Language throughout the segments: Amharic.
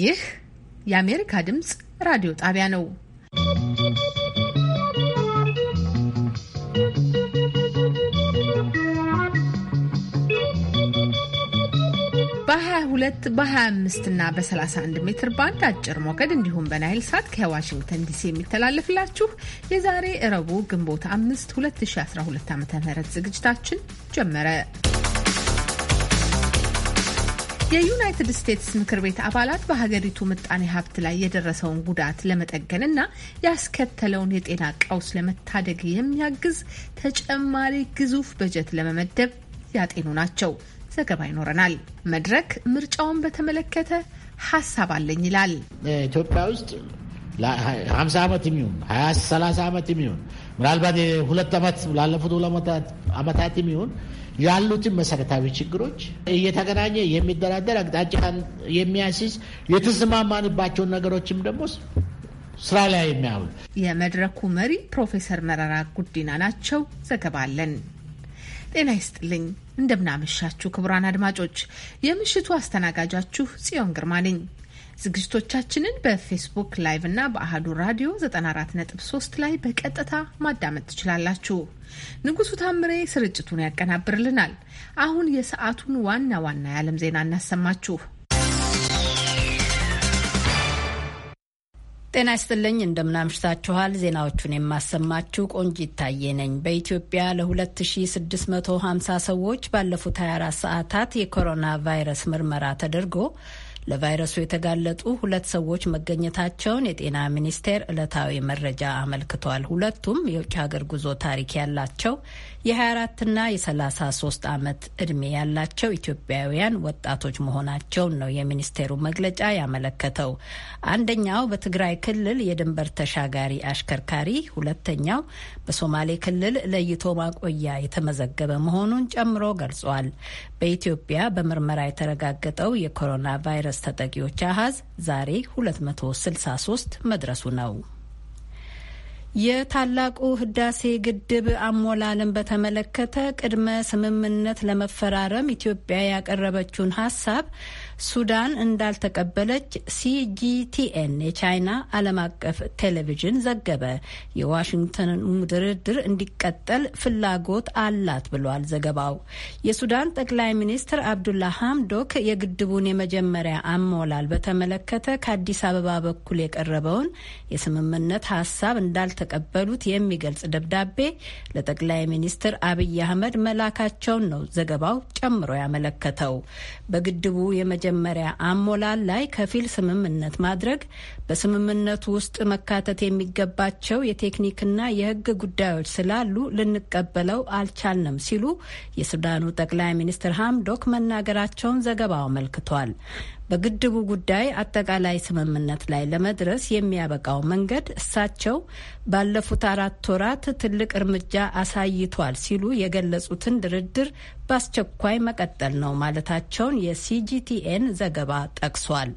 ይህ የአሜሪካ ድምፅ ራዲዮ ጣቢያ ነው። በ22 በ25 እና በ31 ሜትር ባንድ አጭር ሞገድ እንዲሁም በናይል ሳት ከዋሽንግተን ዲሲ የሚተላለፍላችሁ የዛሬ እረቡ ግንቦት 5 2012 ዓ ም ዝግጅታችን ጀመረ። የዩናይትድ ስቴትስ ምክር ቤት አባላት በሀገሪቱ ምጣኔ ሀብት ላይ የደረሰውን ጉዳት ለመጠገን እና ያስከተለውን የጤና ቀውስ ለመታደግ የሚያግዝ ተጨማሪ ግዙፍ በጀት ለመመደብ ያጤኑ ናቸው። ዘገባ ይኖረናል። መድረክ ምርጫውን በተመለከተ ሀሳብ አለኝ ይላል። ኢትዮጵያ ውስጥ ሀምሳ ዓመት የሚሆን ሀያ ሰላሳ ዓመት የሚሆን ምናልባት ሁለት ዓመት ላለፉት ሁለት ዓመታት የሚሆን ያሉትን መሰረታዊ ችግሮች እየተገናኘ የሚደራደር አቅጣጫን የሚያስይዝ የተስማማንባቸውን ነገሮችም ደግሞ ስራ ላይ የሚያውል የመድረኩ መሪ ፕሮፌሰር መረራ ጉዲና ናቸው። ዘገባ አለን። ጤና ይስጥልኝ። እንደምናመሻችሁ ክቡራን አድማጮች፣ የምሽቱ አስተናጋጃችሁ ጽዮን ግርማ ነኝ። ዝግጅቶቻችንን በፌስቡክ ላይቭ እና በአህዱ ራዲዮ 94.3 ላይ በቀጥታ ማዳመጥ ትችላላችሁ። ንጉሱ ታምሬ ስርጭቱን ያቀናብርልናል። አሁን የሰዓቱን ዋና ዋና የዓለም ዜና እናሰማችሁ። ጤና ይስጥልኝ እንደምናምሽታችኋል። ዜናዎቹን የማሰማችሁ ቆንጂ ይታየ። ነኝ። በኢትዮጵያ ለ2650 ሰዎች ባለፉት 24 ሰዓታት የኮሮና ቫይረስ ምርመራ ተደርጎ ለቫይረሱ የተጋለጡ ሁለት ሰዎች መገኘታቸውን የጤና ሚኒስቴር ዕለታዊ መረጃ አመልክቷል። ሁለቱም የውጭ ሀገር ጉዞ ታሪክ ያላቸው የ24ና የ33 ዓመት ዕድሜ ያላቸው ኢትዮጵያውያን ወጣቶች መሆናቸውን ነው የሚኒስቴሩ መግለጫ ያመለከተው። አንደኛው በትግራይ ክልል የድንበር ተሻጋሪ አሽከርካሪ፣ ሁለተኛው በሶማሌ ክልል ለይቶ ማቆያ የተመዘገበ መሆኑን ጨምሮ ገልጿል። በኢትዮጵያ በምርመራ የተረጋገጠው የኮሮና ቫይረስ ቫይረስ ተጠቂዎች አሃዝ ዛሬ 263 መድረሱ ነው። የታላቁ ህዳሴ ግድብ አሞላልን በተመለከተ ቅድመ ስምምነት ለመፈራረም ኢትዮጵያ ያቀረበችውን ሀሳብ ሱዳን እንዳልተቀበለች ሲጂቲኤን የቻይና ዓለም አቀፍ ቴሌቪዥን ዘገበ። የዋሽንግተኑ ድርድር እንዲቀጠል ፍላጎት አላት ብሏል ዘገባው። የሱዳን ጠቅላይ ሚኒስትር አብዱላ ሀምዶክ የግድቡን የመጀመሪያ አሞላል በተመለከተ ከአዲስ አበባ በኩል የቀረበውን የስምምነት ሀሳብ እንዳልተቀበሉት የሚገልጽ ደብዳቤ ለጠቅላይ ሚኒስትር አብይ አህመድ መላካቸውን ነው ዘገባው ጨምሮ ያመለከተው። በግድቡ የመጀመሪያ አሞላል ላይ ከፊል ስምምነት ማድረግ፣ በስምምነቱ ውስጥ መካተት የሚገባቸው የቴክኒክና የሕግ ጉዳዮች ስላሉ ልንቀበለው አልቻልንም ሲሉ የሱዳኑ ጠቅላይ ሚኒስትር ሀምዶክ መናገራቸውን ዘገባው አመልክቷል። በግድቡ ጉዳይ አጠቃላይ ስምምነት ላይ ለመድረስ የሚያበቃው መንገድ እሳቸው ባለፉት አራት ወራት ትልቅ እርምጃ አሳይቷል ሲሉ የገለጹትን ድርድር በአስቸኳይ መቀጠል ነው ማለታቸውን የሲጂቲኤን ዘገባ ጠቅሷል።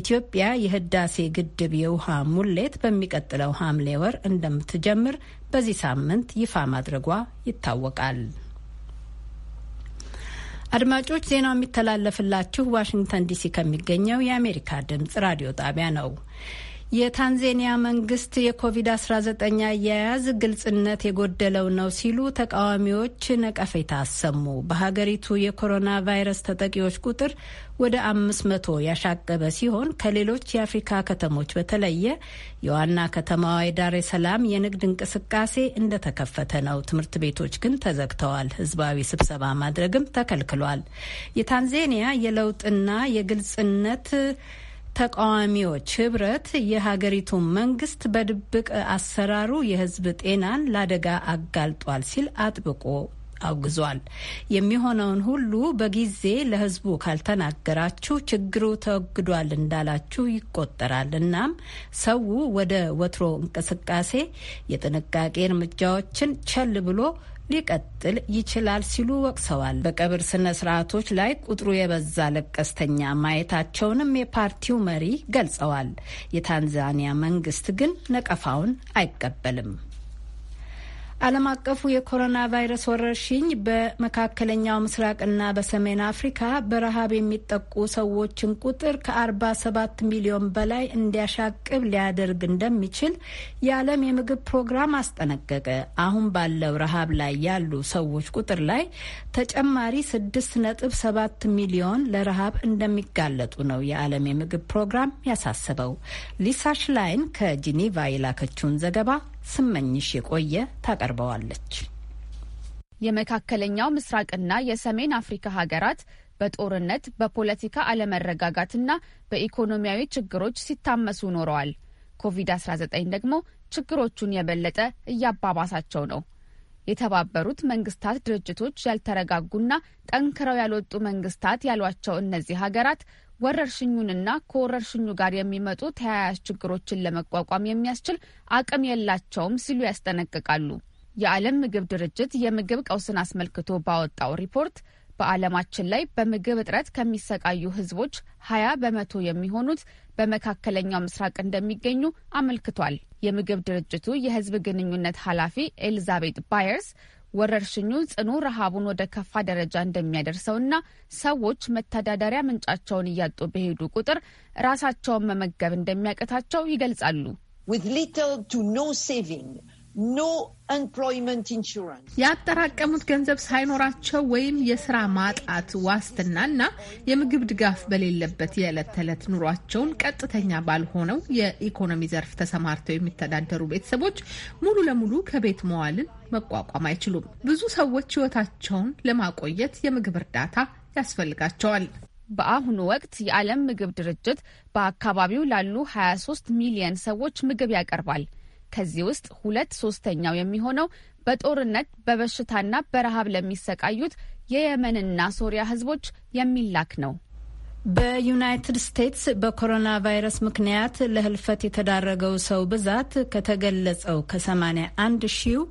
ኢትዮጵያ የህዳሴ ግድብ የውሃ ሙሌት በሚቀጥለው ሐምሌ ወር እንደምትጀምር በዚህ ሳምንት ይፋ ማድረጓ ይታወቃል። አድማጮች ዜናው የሚተላለፍላችሁ ዋሽንግተን ዲሲ ከሚገኘው የአሜሪካ ድምጽ ራዲዮ ጣቢያ ነው። የታንዜኒያ መንግስት የኮቪድ-19 አያያዝ ግልጽነት የጎደለው ነው ሲሉ ተቃዋሚዎች ነቀፌታ አሰሙ። በሀገሪቱ የኮሮና ቫይረስ ተጠቂዎች ቁጥር ወደ አምስት መቶ ያሻቀበ ሲሆን ከሌሎች የአፍሪካ ከተሞች በተለየ የዋና ከተማዋ የዳሬ ሰላም የንግድ እንቅስቃሴ እንደተከፈተ ነው። ትምህርት ቤቶች ግን ተዘግተዋል። ህዝባዊ ስብሰባ ማድረግም ተከልክሏል። የታንዜኒያ የለውጥና የግልጽነት ተቃዋሚዎች ህብረት የሀገሪቱ መንግስት በድብቅ አሰራሩ የህዝብ ጤናን ለአደጋ አጋልጧል ሲል አጥብቆ አውግዟል። የሚሆነውን ሁሉ በጊዜ ለህዝቡ ካልተናገራችሁ ችግሩ ተወግዷል እንዳላችሁ ይቆጠራል። እናም ሰው ወደ ወትሮ እንቅስቃሴ የጥንቃቄ እርምጃዎችን ቸል ብሎ ሊቀጥል ይችላል ሲሉ ወቅሰዋል። በቀብር ስነ ስርዓቶች ላይ ቁጥሩ የበዛ ለቀስተኛ ማየታቸውንም የፓርቲው መሪ ገልጸዋል። የታንዛኒያ መንግስት ግን ነቀፋውን አይቀበልም። ዓለም አቀፉ የኮሮና ቫይረስ ወረርሽኝ በመካከለኛው ምስራቅና በሰሜን አፍሪካ በረሃብ የሚጠቁ ሰዎችን ቁጥር ከ47 ሚሊዮን በላይ እንዲያሻቅብ ሊያደርግ እንደሚችል የዓለም የምግብ ፕሮግራም አስጠነቀቀ። አሁን ባለው ረሃብ ላይ ያሉ ሰዎች ቁጥር ላይ ተጨማሪ 6.7 ሚሊዮን ለረሃብ እንደሚጋለጡ ነው የዓለም የምግብ ፕሮግራም ያሳሰበው። ሊሳ ሽላይን ከጂኒቫ የላከችውን ዘገባ ስመኝሽ የቆየ ታቀርበዋለች። የመካከለኛው ምስራቅና የሰሜን አፍሪካ ሀገራት በጦርነት በፖለቲካ አለመረጋጋትና በኢኮኖሚያዊ ችግሮች ሲታመሱ ኖረዋል። ኮቪድ-19 ደግሞ ችግሮቹን የበለጠ እያባባሳቸው ነው። የተባበሩት መንግስታት ድርጅቶች ያልተረጋጉና ጠንክረው ያልወጡ መንግስታት ያሏቸው እነዚህ ሀገራት ወረርሽኙንና ከወረርሽኙ ጋር የሚመጡ ተያያዥ ችግሮችን ለመቋቋም የሚያስችል አቅም የላቸውም ሲሉ ያስጠነቅቃሉ። የዓለም ምግብ ድርጅት የምግብ ቀውስን አስመልክቶ ባወጣው ሪፖርት በዓለማችን ላይ በምግብ እጥረት ከሚሰቃዩ ህዝቦች ሀያ በመቶ የሚሆኑት በመካከለኛው ምስራቅ እንደሚገኙ አመልክቷል። የምግብ ድርጅቱ የህዝብ ግንኙነት ኃላፊ ኤሊዛቤት ባየርስ ወረርሽኙ ጽኑ ረሃቡን ወደ ከፋ ደረጃ እንደሚያደርሰውና ሰዎች መተዳደሪያ ምንጫቸውን እያጡ በሄዱ ቁጥር ራሳቸውን መመገብ እንደሚያቀታቸው ይገልጻሉ። ኖ ያጠራቀሙት ገንዘብ ሳይኖራቸው ወይም የስራ ማጣት ዋስትና እና የምግብ ድጋፍ በሌለበት የዕለት ተዕለት ኑሯቸውን ቀጥተኛ ባልሆነው የኢኮኖሚ ዘርፍ ተሰማርተው የሚተዳደሩ ቤተሰቦች ሙሉ ለሙሉ ከቤት መዋልን መቋቋም አይችሉም። ብዙ ሰዎች ህይወታቸውን ለማቆየት የምግብ እርዳታ ያስፈልጋቸዋል። በአሁኑ ወቅት የዓለም ምግብ ድርጅት በአካባቢው ላሉ 23 ሚሊየን ሰዎች ምግብ ያቀርባል። ከዚህ ውስጥ ሁለት ሶስተኛው የሚሆነው በጦርነት በበሽታና በረሃብ ለሚሰቃዩት የየመንና ሶሪያ ህዝቦች የሚላክ ነው። በዩናይትድ ስቴትስ በኮሮና ቫይረስ ምክንያት ለህልፈት የተዳረገው ሰው ብዛት ከተገለጸው ከ81 ሺው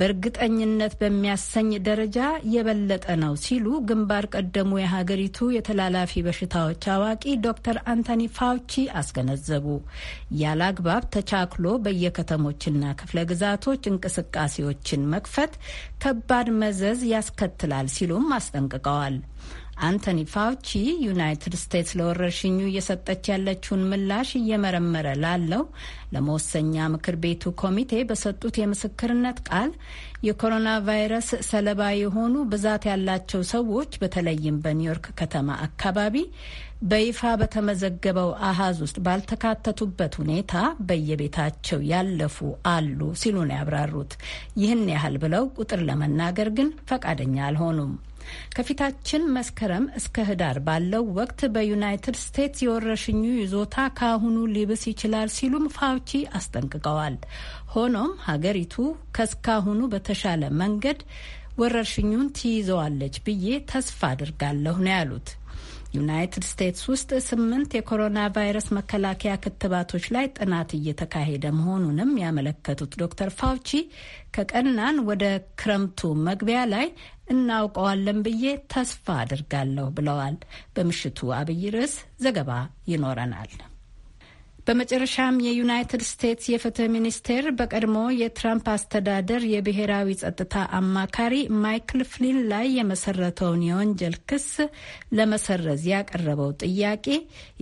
በእርግጠኝነት በሚያሰኝ ደረጃ የበለጠ ነው ሲሉ ግንባር ቀደሙ የሀገሪቱ የተላላፊ በሽታዎች አዋቂ ዶክተር አንቶኒ ፋውቺ አስገነዘቡ። ያለአግባብ ተቻክሎ በየከተሞችና ክፍለ ግዛቶች እንቅስቃሴዎችን መክፈት ከባድ መዘዝ ያስከትላል ሲሉም አስጠንቅቀዋል። አንቶኒ ፋውቺ ዩናይትድ ስቴትስ ለወረርሽኙ እየሰጠች ያለችውን ምላሽ እየመረመረ ላለው ለመወሰኛ ምክር ቤቱ ኮሚቴ በሰጡት የምስክርነት ቃል የኮሮና ቫይረስ ሰለባ የሆኑ ብዛት ያላቸው ሰዎች በተለይም በኒውዮርክ ከተማ አካባቢ በይፋ በተመዘገበው አሃዝ ውስጥ ባልተካተቱበት ሁኔታ በየቤታቸው ያለፉ አሉ ሲሉ ነው ያብራሩት። ይህን ያህል ብለው ቁጥር ለመናገር ግን ፈቃደኛ አልሆኑም። ከፊታችን መስከረም እስከ ህዳር ባለው ወቅት በዩናይትድ ስቴትስ የወረሽኙ ይዞታ ካሁኑ ሊብስ ይችላል ሲሉም ፋውቺ አስጠንቅቀዋል። ሆኖም ሀገሪቱ ከስካሁኑ በተሻለ መንገድ ወረርሽኙን ትይዘዋለች ብዬ ተስፋ አድርጋለሁ ነው ያሉት። ዩናይትድ ስቴትስ ውስጥ ስምንት የኮሮና ቫይረስ መከላከያ ክትባቶች ላይ ጥናት እየተካሄደ መሆኑንም ያመለከቱት ዶክተር ፋውቺ ከቀናን ወደ ክረምቱ መግቢያ ላይ እናውቀዋለን ብዬ ተስፋ አድርጋለሁ ብለዋል። በምሽቱ አብይ ርዕስ ዘገባ ይኖረናል። በመጨረሻም የዩናይትድ ስቴትስ የፍትህ ሚኒስቴር በቀድሞ የትራምፕ አስተዳደር የብሔራዊ ጸጥታ አማካሪ ማይክል ፍሊን ላይ የመሰረተውን የወንጀል ክስ ለመሰረዝ ያቀረበው ጥያቄ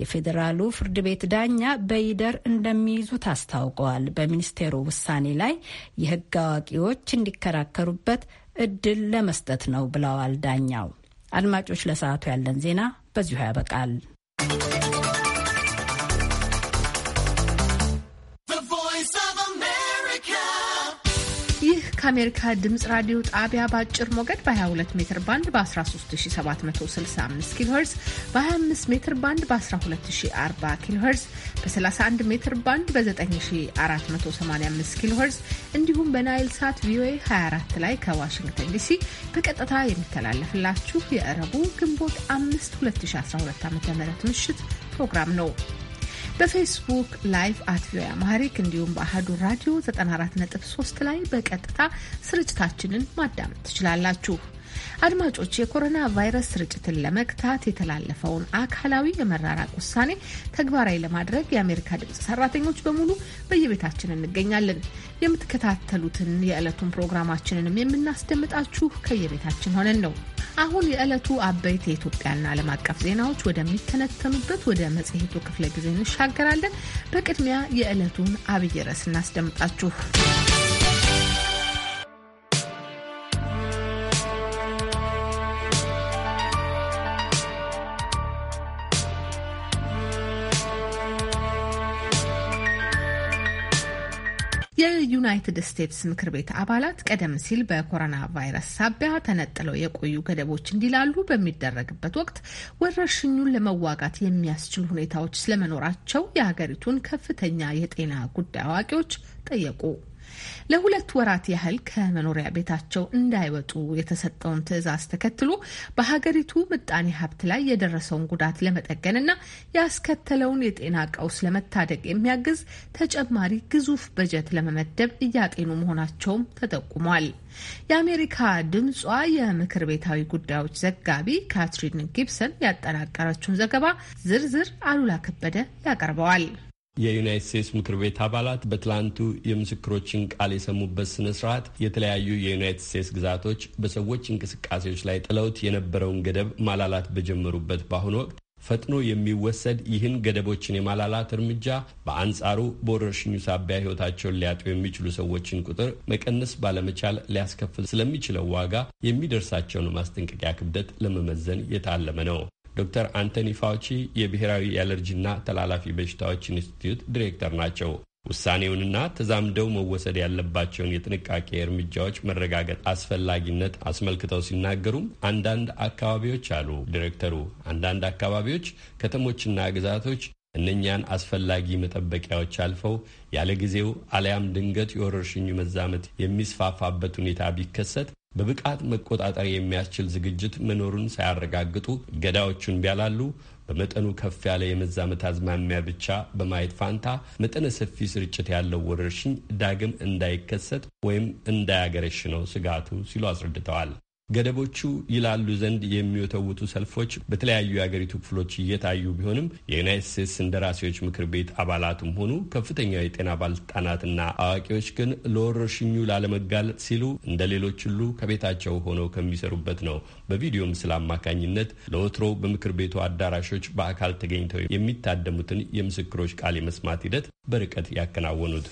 የፌዴራሉ ፍርድ ቤት ዳኛ በይደር እንደሚይዙት አስታውቀዋል። በሚኒስቴሩ ውሳኔ ላይ የህግ አዋቂዎች እንዲከራከሩበት እድል ለመስጠት ነው ብለዋል ዳኛው። አድማጮች፣ ለሰዓቱ ያለን ዜና በዚሁ ያበቃል። ከአሜሪካ ድምፅ ራዲዮ ጣቢያ በአጭር ሞገድ በ22 ሜትር ባንድ በ13765 ኪሎ በ25 ሜትር ባንድ በ1240 ኪሎ በ31 ሜትር ባንድ በ9485 ኪሎ እንዲሁም በናይል ሳት ቪኦኤ 24 ላይ ከዋሽንግተን ዲሲ በቀጥታ የሚተላለፍላችሁ የእረቡ ግንቦት 5 2012 ዓ ም ምሽት ፕሮግራም ነው። በፌስቡክ ላይቭ አት ቪኦኤ አማሪክ እንዲሁም በአህዱ ራዲዮ 94.3 ላይ በቀጥታ ስርጭታችንን ማዳመጥ ትችላላችሁ። አድማጮች የኮሮና ቫይረስ ስርጭትን ለመግታት የተላለፈውን አካላዊ የመራራቅ ውሳኔ ተግባራዊ ለማድረግ የአሜሪካ ድምፅ ሰራተኞች በሙሉ በየቤታችን እንገኛለን። የምትከታተሉትን የዕለቱን ፕሮግራማችንንም የምናስደምጣችሁ ከየቤታችን ሆነን ነው። አሁን የዕለቱ አበይት የኢትዮጵያና ዓለም አቀፍ ዜናዎች ወደሚተነተኑበት ወደ መጽሔቱ ክፍለ ጊዜ እንሻገራለን። በቅድሚያ የዕለቱን አብይ ርዕስ እናስደምጣችሁ። የዩናይትድ ስቴትስ ምክር ቤት አባላት ቀደም ሲል በኮሮና ቫይረስ ሳቢያ ተነጥለው የቆዩ ገደቦች እንዲላሉ በሚደረግበት ወቅት ወረርሽኙን ለመዋጋት የሚያስችሉ ሁኔታዎች ስለመኖራቸው የሀገሪቱን ከፍተኛ የጤና ጉዳይ አዋቂዎች ጠየቁ። ለሁለት ወራት ያህል ከመኖሪያ ቤታቸው እንዳይወጡ የተሰጠውን ትዕዛዝ ተከትሎ በሀገሪቱ ምጣኔ ሀብት ላይ የደረሰውን ጉዳት ለመጠገንና ያስከተለውን የጤና ቀውስ ለመታደግ የሚያግዝ ተጨማሪ ግዙፍ በጀት ለመመደብ እያጤኑ መሆናቸውም ተጠቁሟል። የአሜሪካ ድምጿ የምክር ቤታዊ ጉዳዮች ዘጋቢ ካትሪን ጊብሰን ያጠናቀረችውን ዘገባ ዝርዝር አሉላ ከበደ ያቀርበዋል። የዩናይት ስቴትስ ምክር ቤት አባላት በትላንቱ የምስክሮችን ቃል የሰሙበት ስነ ስርዓት የተለያዩ የዩናይት ስቴትስ ግዛቶች በሰዎች እንቅስቃሴዎች ላይ ጥለውት የነበረውን ገደብ ማላላት በጀመሩበት በአሁኑ ወቅት ፈጥኖ የሚወሰድ ይህን ገደቦችን የማላላት እርምጃ በአንጻሩ በወረርሽኙ ሳቢያ ሕይወታቸውን ሊያጡ የሚችሉ ሰዎችን ቁጥር መቀነስ ባለመቻል ሊያስከፍል ስለሚችለው ዋጋ የሚደርሳቸውን ማስጠንቀቂያ ክብደት ለመመዘን የታለመ ነው። ዶክተር አንቶኒ ፋውቺ የብሔራዊ የአለርጂና ተላላፊ በሽታዎች ኢንስቲትዩት ዲሬክተር ናቸው። ውሳኔውንና ተዛምደው መወሰድ ያለባቸውን የጥንቃቄ እርምጃዎች መረጋገጥ አስፈላጊነት አስመልክተው ሲናገሩም አንዳንድ አካባቢዎች አሉ ዲሬክተሩ፣ አንዳንድ አካባቢዎች ከተሞችና ግዛቶች እነኛን አስፈላጊ መጠበቂያዎች አልፈው ያለ ጊዜው አለያም ድንገት የወረርሽኙ መዛመት የሚስፋፋበት ሁኔታ ቢከሰት በብቃት መቆጣጠር የሚያስችል ዝግጅት መኖሩን ሳያረጋግጡ እገዳዎቹን ቢያላሉ በመጠኑ ከፍ ያለ የመዛመት አዝማሚያ ብቻ በማየት ፋንታ መጠነ ሰፊ ስርጭት ያለው ወረርሽኝ ዳግም እንዳይከሰት ወይም እንዳያገረሽ ነው ስጋቱ ሲሉ አስረድተዋል። ገደቦቹ ይላሉ ዘንድ የሚወተውቱ ሰልፎች በተለያዩ የአገሪቱ ክፍሎች እየታዩ ቢሆንም የዩናይት ስቴትስ እንደራሴዎች ምክር ቤት አባላትም ሆኑ ከፍተኛ የጤና ባለስልጣናትና አዋቂዎች ግን ለወረርሽኙ ላለመጋለጥ ሲሉ እንደ ሌሎች ሁሉ ከቤታቸው ሆነው ከሚሰሩበት ነው በቪዲዮ ምስል አማካኝነት ለወትሮ በምክር ቤቱ አዳራሾች በአካል ተገኝተው የሚታደሙትን የምስክሮች ቃል የመስማት ሂደት በርቀት ያከናወኑት።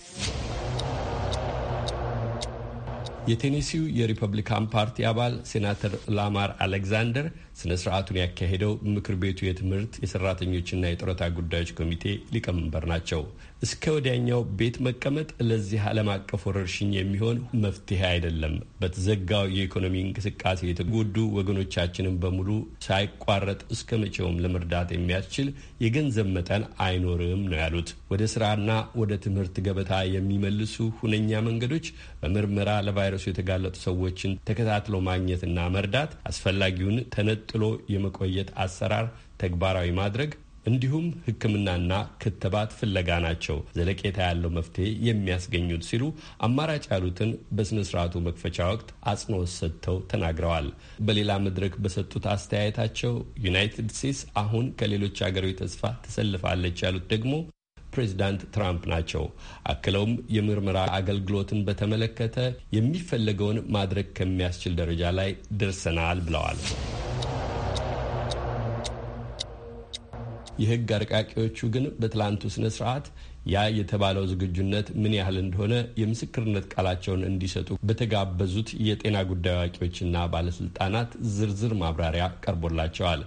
የቴኔሲው የሪፐብሊካን ፓርቲ አባል ሴናተር ላማር አሌግዛንደር ስነ ስርዓቱን ያካሄደው ምክር ቤቱ የትምህርት የሰራተኞችና የጡረታ ጉዳዮች ኮሚቴ ሊቀመንበር ናቸው። እስከ ወዲያኛው ቤት መቀመጥ ለዚህ ዓለም አቀፍ ወረርሽኝ የሚሆን መፍትሄ አይደለም። በተዘጋው የኢኮኖሚ እንቅስቃሴ የተጎዱ ወገኖቻችንን በሙሉ ሳይቋረጥ እስከ መቼውም ለመርዳት የሚያስችል የገንዘብ መጠን አይኖርም ነው ያሉት። ወደ ስራና ወደ ትምህርት ገበታ የሚመልሱ ሁነኛ መንገዶች በምርመራ ለቫይረሱ የተጋለጡ ሰዎችን ተከታትሎ ማግኘትና መርዳት፣ አስፈላጊውን ተነጥሎ የመቆየት አሰራር ተግባራዊ ማድረግ እንዲሁም ሕክምናና ክትባት ፍለጋ ናቸው ዘለቄታ ያለው መፍትሄ የሚያስገኙት ሲሉ አማራጭ ያሉትን በሥነ ሥርዓቱ መክፈቻ ወቅት አጽንኦት ሰጥተው ተናግረዋል። በሌላ መድረክ በሰጡት አስተያየታቸው ዩናይትድ ስቴትስ አሁን ከሌሎች አገሮች ተስፋ ትሰልፋለች ያሉት ደግሞ ፕሬዚዳንት ትራምፕ ናቸው። አክለውም የምርመራ አገልግሎትን በተመለከተ የሚፈለገውን ማድረግ ከሚያስችል ደረጃ ላይ ደርሰናል ብለዋል። የህግ አርቃቂዎቹ ግን በትላንቱ ስነ ስርዓት ያ የተባለው ዝግጁነት ምን ያህል እንደሆነ የምስክርነት ቃላቸውን እንዲሰጡ በተጋበዙት የጤና ጉዳይ አዋቂዎችና ባለስልጣናት ዝርዝር ማብራሪያ ቀርቦላቸዋል።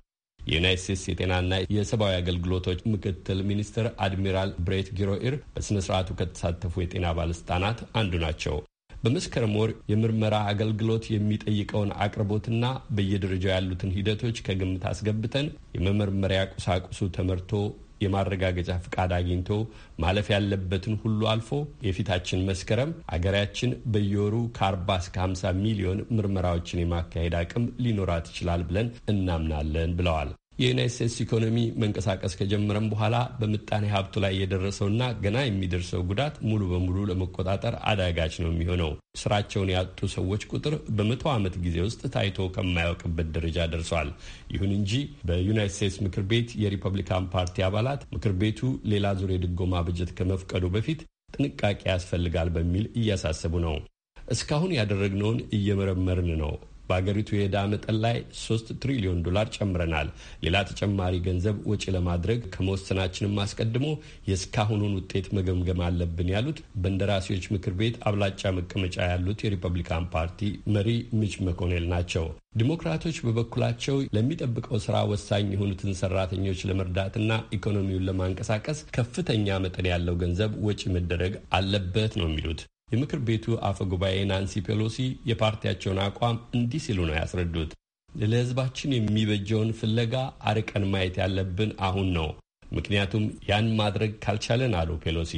የዩናይት ስቴትስ የጤናና የሰብአዊ አገልግሎቶች ምክትል ሚኒስትር አድሚራል ብሬት ጊሮኢር በስነ ስርዓቱ ከተሳተፉ የጤና ባለስልጣናት አንዱ ናቸው። በመስከረም ወር የምርመራ አገልግሎት የሚጠይቀውን አቅርቦትና በየደረጃው ያሉትን ሂደቶች ከግምት አስገብተን የመመርመሪያ ቁሳቁሱ ተመርቶ የማረጋገጫ ፍቃድ አግኝቶ ማለፍ ያለበትን ሁሉ አልፎ የፊታችን መስከረም አገራችን በየወሩ ከ40 እስከ 50 ሚሊዮን ምርመራዎችን የማካሄድ አቅም ሊኖራት ይችላል ብለን እናምናለን ብለዋል። የዩናይት ስቴትስ ኢኮኖሚ መንቀሳቀስ ከጀመረም በኋላ በምጣኔ ሀብቱ ላይ የደረሰውና ገና የሚደርሰው ጉዳት ሙሉ በሙሉ ለመቆጣጠር አዳጋች ነው የሚሆነው። ስራቸውን ያጡ ሰዎች ቁጥር በመቶ ዓመት ጊዜ ውስጥ ታይቶ ከማያውቅበት ደረጃ ደርሷል። ይሁን እንጂ በዩናይት ስቴትስ ምክር ቤት የሪፐብሊካን ፓርቲ አባላት ምክር ቤቱ ሌላ ዙር የድጎማ በጀት ከመፍቀዱ በፊት ጥንቃቄ ያስፈልጋል በሚል እያሳሰቡ ነው። እስካሁን ያደረግነውን እየመረመርን ነው በአገሪቱ የዕዳ መጠን ላይ ሶስት ትሪሊዮን ዶላር ጨምረናል። ሌላ ተጨማሪ ገንዘብ ወጪ ለማድረግ ከመወሰናችንም አስቀድሞ የእስካሁኑን ውጤት መገምገም አለብን ያሉት በእንደራሴዎች ምክር ቤት አብላጫ መቀመጫ ያሉት የሪፐብሊካን ፓርቲ መሪ ሚች መኮኔል ናቸው። ዲሞክራቶች በበኩላቸው ለሚጠብቀው ስራ ወሳኝ የሆኑትን ሰራተኞች ለመርዳትና ኢኮኖሚውን ለማንቀሳቀስ ከፍተኛ መጠን ያለው ገንዘብ ወጪ መደረግ አለበት ነው የሚሉት። የምክር ቤቱ አፈ ጉባኤ ናንሲ ፔሎሲ የፓርቲያቸውን አቋም እንዲህ ሲሉ ነው ያስረዱት። ለሕዝባችን የሚበጀውን ፍለጋ አርቀን ማየት ያለብን አሁን ነው። ምክንያቱም ያን ማድረግ ካልቻለን አሉ ፔሎሲ፣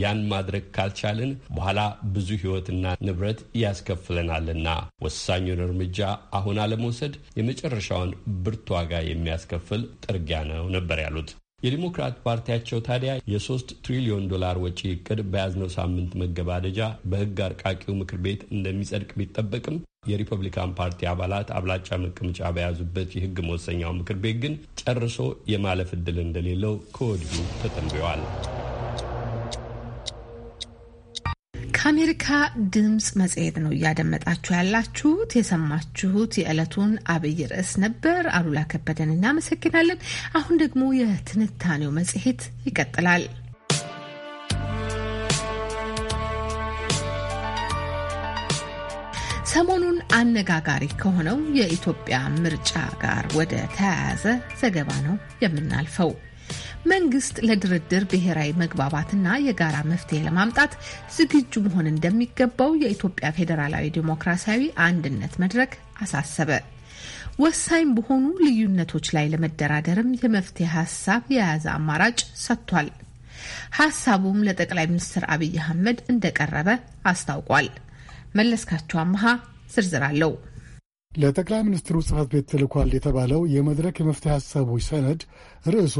ያን ማድረግ ካልቻለን በኋላ ብዙ ሕይወትና ንብረት ያስከፍለናልና ወሳኙን እርምጃ አሁን አለመውሰድ የመጨረሻውን ብርቱ ዋጋ የሚያስከፍል ጥርጊያ ነው ነበር ያሉት። የዲሞክራት ፓርቲያቸው ታዲያ የሶስት ትሪሊዮን ዶላር ወጪ እቅድ በያዝነው ሳምንት መገባደጃ በሕግ አርቃቂው ምክር ቤት እንደሚጸድቅ ቢጠበቅም የሪፐብሊካን ፓርቲ አባላት አብላጫ መቀመጫ በያዙበት የሕግ መወሰኛው ምክር ቤት ግን ጨርሶ የማለፍ እድል እንደሌለው ከወዲሁ ተጠንብዋል። ከአሜሪካ ድምፅ መጽሔት ነው እያደመጣችሁ ያላችሁት። የሰማችሁት የዕለቱን አብይ ርዕስ ነበር። አሉላ ከበደን እናመሰግናለን። አሁን ደግሞ የትንታኔው መጽሔት ይቀጥላል። ሰሞኑን አነጋጋሪ ከሆነው የኢትዮጵያ ምርጫ ጋር ወደ ተያያዘ ዘገባ ነው የምናልፈው። መንግስት ለድርድር ብሔራዊ መግባባትና የጋራ መፍትሄ ለማምጣት ዝግጁ መሆን እንደሚገባው የኢትዮጵያ ፌዴራላዊ ዴሞክራሲያዊ አንድነት መድረክ አሳሰበ። ወሳኝ በሆኑ ልዩነቶች ላይ ለመደራደርም የመፍትሄ ሀሳብ የያዘ አማራጭ ሰጥቷል። ሀሳቡም ለጠቅላይ ሚኒስትር አብይ አህመድ እንደቀረበ አስታውቋል። መለስካቸው አምሃ ዝርዝር አለው። ለጠቅላይ ሚኒስትሩ ጽህፈት ቤት ተልኳል የተባለው የመድረክ የመፍትሄ ሀሳቦች ሰነድ ርዕሱ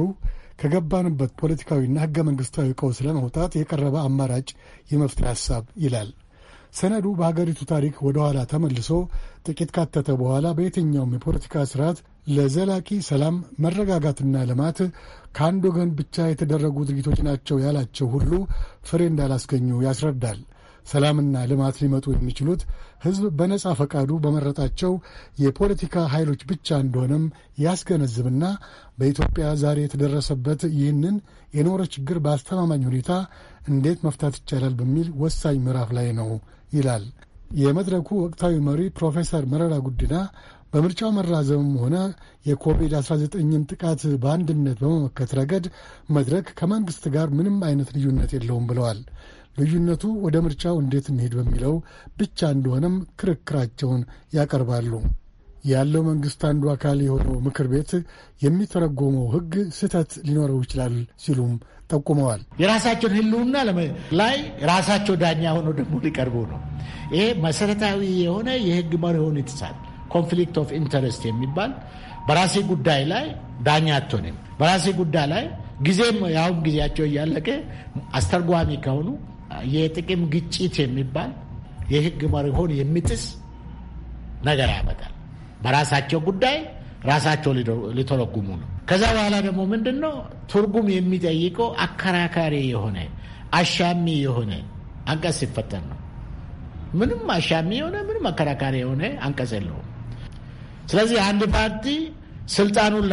ከገባንበት ፖለቲካዊና ህገ መንግስታዊ ቀውስ ለመውጣት የቀረበ አማራጭ የመፍትሄ ሀሳብ ይላል ሰነዱ። በሀገሪቱ ታሪክ ወደ ኋላ ተመልሶ ጥቂት ካተተ በኋላ በየትኛውም የፖለቲካ ስርዓት ለዘላቂ ሰላም መረጋጋትና ልማት ከአንድ ወገን ብቻ የተደረጉ ድርጊቶች ናቸው ያላቸው ሁሉ ፍሬ እንዳላስገኙ ያስረዳል። ሰላምና ልማት ሊመጡ የሚችሉት ሕዝብ በነጻ ፈቃዱ በመረጣቸው የፖለቲካ ኃይሎች ብቻ እንደሆነም ያስገነዝብና በኢትዮጵያ ዛሬ የተደረሰበት ይህንን የኖረ ችግር በአስተማማኝ ሁኔታ እንዴት መፍታት ይቻላል በሚል ወሳኝ ምዕራፍ ላይ ነው ይላል። የመድረኩ ወቅታዊ መሪ ፕሮፌሰር መረራ ጉዲና በምርጫው መራዘምም ሆነ የኮቪድ-19ን ጥቃት በአንድነት በመመከት ረገድ መድረክ ከመንግሥት ጋር ምንም አይነት ልዩነት የለውም ብለዋል። ልዩነቱ ወደ ምርጫው እንዴት እንሄድ በሚለው ብቻ እንደሆነም ክርክራቸውን ያቀርባሉ። ያለው መንግስት አንዱ አካል የሆነው ምክር ቤት የሚተረጎመው ህግ ስህተት ሊኖረው ይችላል ሲሉም ጠቁመዋል። የራሳቸውን ህልውና ላይ ራሳቸው ዳኛ ሆኖ ደግሞ ሊቀርቡ ነው። ይሄ መሰረታዊ የሆነ የሕግ መርሆን ይትሳል ኮንፍሊክት ኦፍ ኢንተረስት የሚባል በራሴ ጉዳይ ላይ ዳኛ አትሆንም። በራሴ ጉዳይ ላይ ጊዜም ያሁን ጊዜያቸው እያለቀ አስተርጓሚ ከሆኑ የጥቅም ግጭት የሚባል የህግ መርሆን የሚጥስ ነገር ያመጣል። በራሳቸው ጉዳይ ራሳቸው ሊተረጉሙ ነው። ከዛ በኋላ ደግሞ ምንድን ነው ትርጉም የሚጠይቀው አከራካሪ የሆነ አሻሚ የሆነ አንቀጽ ሲፈጠር ነው። ምንም አሻሚ የሆነ ምንም አከራካሪ የሆነ አንቀጽ የለውም። ስለዚህ አንድ ፓርቲ ስልጣኑን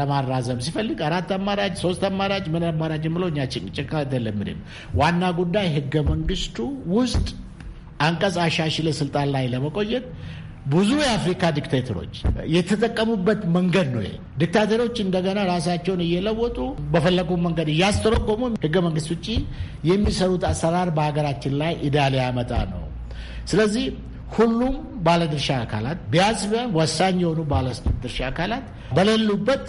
ለማራዘም ሲፈልግ አራት አማራጭ፣ ሶስት አማራጭ ምን አማራጭ ብሎ እኛ ጭቅጭቅ አይደለምንም። ዋና ጉዳይ ህገ መንግስቱ ውስጥ አንቀጽ አሻሽለ ስልጣን ላይ ለመቆየት ብዙ የአፍሪካ ዲክቴተሮች የተጠቀሙበት መንገድ ነው። ዲክታተሮች እንደገና ራሳቸውን እየለወጡ በፈለጉ መንገድ እያስተረጎሙ ህገ መንግስት ውጭ የሚሰሩት አሰራር በሀገራችን ላይ ኢዳ ሊያመጣ ነው። ስለዚህ ሁሉም ባለድርሻ አካላት ቢያዝበ ወሳኝ የሆኑ ባለድርሻ አካላት በሌሉበት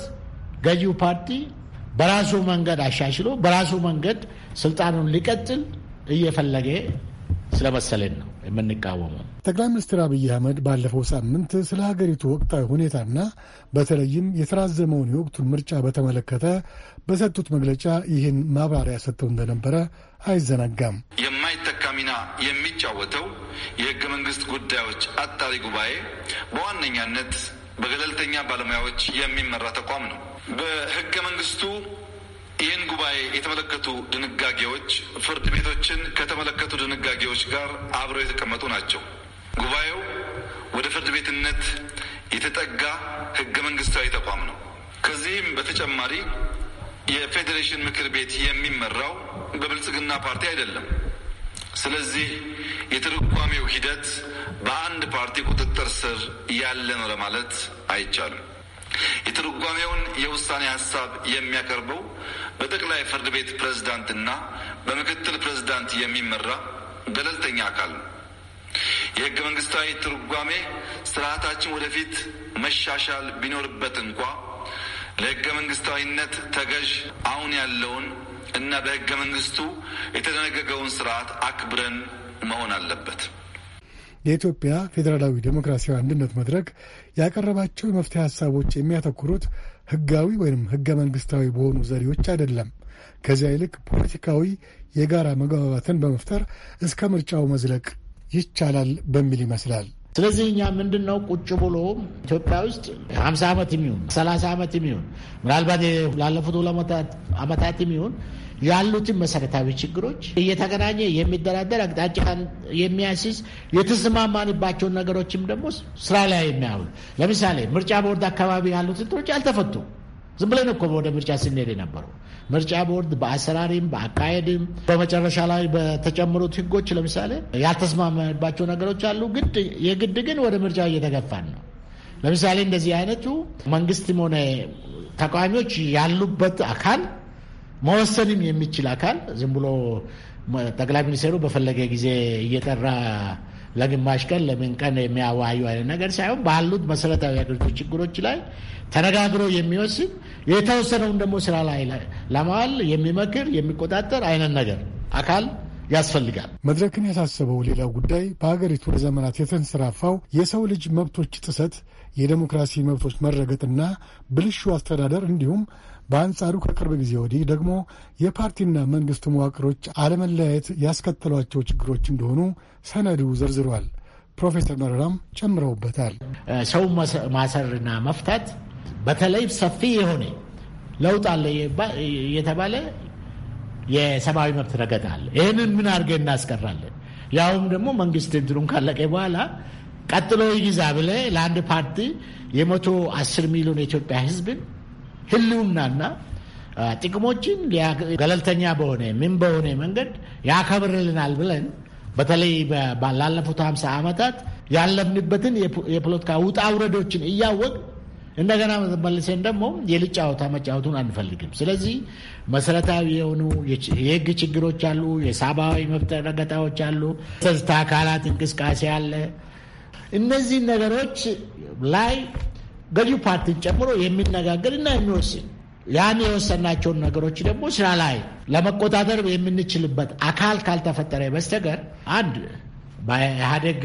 ገዢው ፓርቲ በራሱ መንገድ አሻሽሎ በራሱ መንገድ ስልጣኑን ሊቀጥል እየፈለገ ስለመሰለን ነው የምንቃወመው። ጠቅላይ ሚኒስትር አብይ አህመድ ባለፈው ሳምንት ስለ ሀገሪቱ ወቅታዊ ሁኔታና በተለይም የተራዘመውን የወቅቱን ምርጫ በተመለከተ በሰጡት መግለጫ ይህን ማብራሪያ ሰጥተው እንደነበረ አይዘነጋም። የማይተካ ሚና የሚጫወተው የህገ መንግስት ጉዳዮች አጣሪ ጉባኤ በዋነኛነት በገለልተኛ ባለሙያዎች የሚመራ ተቋም ነው። በህገ መንግስቱ ይህን ጉባኤ የተመለከቱ ድንጋጌዎች ፍርድ ቤቶችን ከተመለከቱ ድንጋጌዎች ጋር አብረው የተቀመጡ ናቸው። ጉባኤው ወደ ፍርድ ቤትነት የተጠጋ ህገ መንግስታዊ ተቋም ነው። ከዚህም በተጨማሪ የፌዴሬሽን ምክር ቤት የሚመራው በብልጽግና ፓርቲ አይደለም። ስለዚህ የትርጓሜው ሂደት በአንድ ፓርቲ ቁጥጥር ስር ያለ ነው ለማለት አይቻልም። የትርጓሜውን የውሳኔ ሀሳብ የሚያቀርበው በጠቅላይ ፍርድ ቤት ፕሬዝዳንትና በምክትል ፕሬዝዳንት የሚመራ ገለልተኛ አካል ነው። የህገ መንግስታዊ ትርጓሜ ስርዓታችን ወደፊት መሻሻል ቢኖርበት እንኳ ለህገ መንግስታዊነት ተገዥ አሁን ያለውን እና በህገ መንግስቱ የተደነገገውን ስርዓት አክብረን መሆን አለበት። የኢትዮጵያ ፌዴራላዊ ዴሞክራሲያዊ አንድነት መድረክ ያቀረባቸው የመፍትሄ ሀሳቦች የሚያተኩሩት ህጋዊ ወይም ህገ መንግስታዊ በሆኑ ዘዴዎች አይደለም። ከዚያ ይልቅ ፖለቲካዊ የጋራ መግባባትን በመፍጠር እስከ ምርጫው መዝለቅ ይቻላል በሚል ይመስላል። ስለዚህ እኛ ምንድን ነው ቁጭ ብሎ ኢትዮጵያ ውስጥ ሀምሳ ዓመት የሚሆን ሰላሳ ዓመት የሚሆን ምናልባት ላለፉት ሁለት ዓመታት የሚሆን ያሉትን መሰረታዊ ችግሮች እየተገናኘ የሚደራደር አቅጣጫን የሚያስይዝ የተስማማንባቸውን ነገሮችም ደግሞ ስራ ላይ የሚያውል ለምሳሌ ምርጫ ቦርድ አካባቢ ያሉት እንትኖች አልተፈቱም። ዝም ብለን እኮ ወደ ምርጫ ስንሄድ የነበረው ምርጫ ቦርድ በአሰራሪም በአካሄድም በመጨረሻ ላይ በተጨመሩት ህጎች ለምሳሌ ያልተስማመባቸው ነገሮች አሉ። ግድ የግድ ግን ወደ ምርጫ እየተገፋን ነው። ለምሳሌ እንደዚህ አይነቱ መንግስትም ሆነ ተቃዋሚዎች ያሉበት አካል መወሰንም የሚችል አካል ዝም ብሎ ጠቅላይ ሚኒስትሩ በፈለገ ጊዜ እየጠራ ለግማሽ ቀን ለምን ቀን የሚያወያዩ አይነት ነገር ሳይሆን ባሉት መሰረታዊ የሀገሪቱ ችግሮች ላይ ተነጋግሮ የሚወስድ የተወሰነውን ደግሞ ስራ ላይ ለማዋል የሚመክር የሚቆጣጠር አይነት ነገር አካል ያስፈልጋል። መድረክን ያሳሰበው ሌላው ጉዳይ በሀገሪቱ ለዘመናት የተንሰራፋው የሰው ልጅ መብቶች ጥሰት፣ የዴሞክራሲ መብቶች መረገጥና ብልሹ አስተዳደር እንዲሁም በአንጻሩ ከቅርብ ጊዜ ወዲህ ደግሞ የፓርቲና መንግስት መዋቅሮች አለመለያየት ያስከተሏቸው ችግሮች እንደሆኑ ሰነዱ ዘርዝሯል። ፕሮፌሰር መረራም ጨምረውበታል። ሰው ማሰርና መፍታት በተለይ ሰፊ የሆነ ለውጥ አለ የተባለ የሰብአዊ መብት ረገጣ አለ። ይህንን ምን አድርገ እናስቀራለን? ያውም ደግሞ መንግስት እንትኑን ካለቀ በኋላ ቀጥሎ ይግዛ ብለ ለአንድ ፓርቲ የመቶ አስር ሚሊዮን የኢትዮጵያ ህዝብን ህልውናና ጥቅሞችን ገለልተኛ በሆነ ምን በሆነ መንገድ ያከብርልናል ብለን በተለይ ላለፉት ሀምሳ ዓመታት ያለፍንበትን የፖለቲካ ውጣ ውረዶችን እያወቅ እንደገና መልሰን ደግሞ የልጅ ጨዋታ መጫወቱን አንፈልግም። ስለዚህ መሰረታዊ የሆኑ የህግ ችግሮች አሉ፣ የሰብአዊ መብት ረገጣዎች አሉ፣ ጸጥታ አካላት እንቅስቃሴ አለ። እነዚህ ነገሮች ላይ ገዢ ፓርቲን ጨምሮ የሚነጋገር እና የሚወስን ያን የወሰናቸውን ነገሮች ደግሞ ስራ ላይ ለመቆጣጠር የምንችልበት አካል ካልተፈጠረ በስተቀር አንድ በኢህአዴግ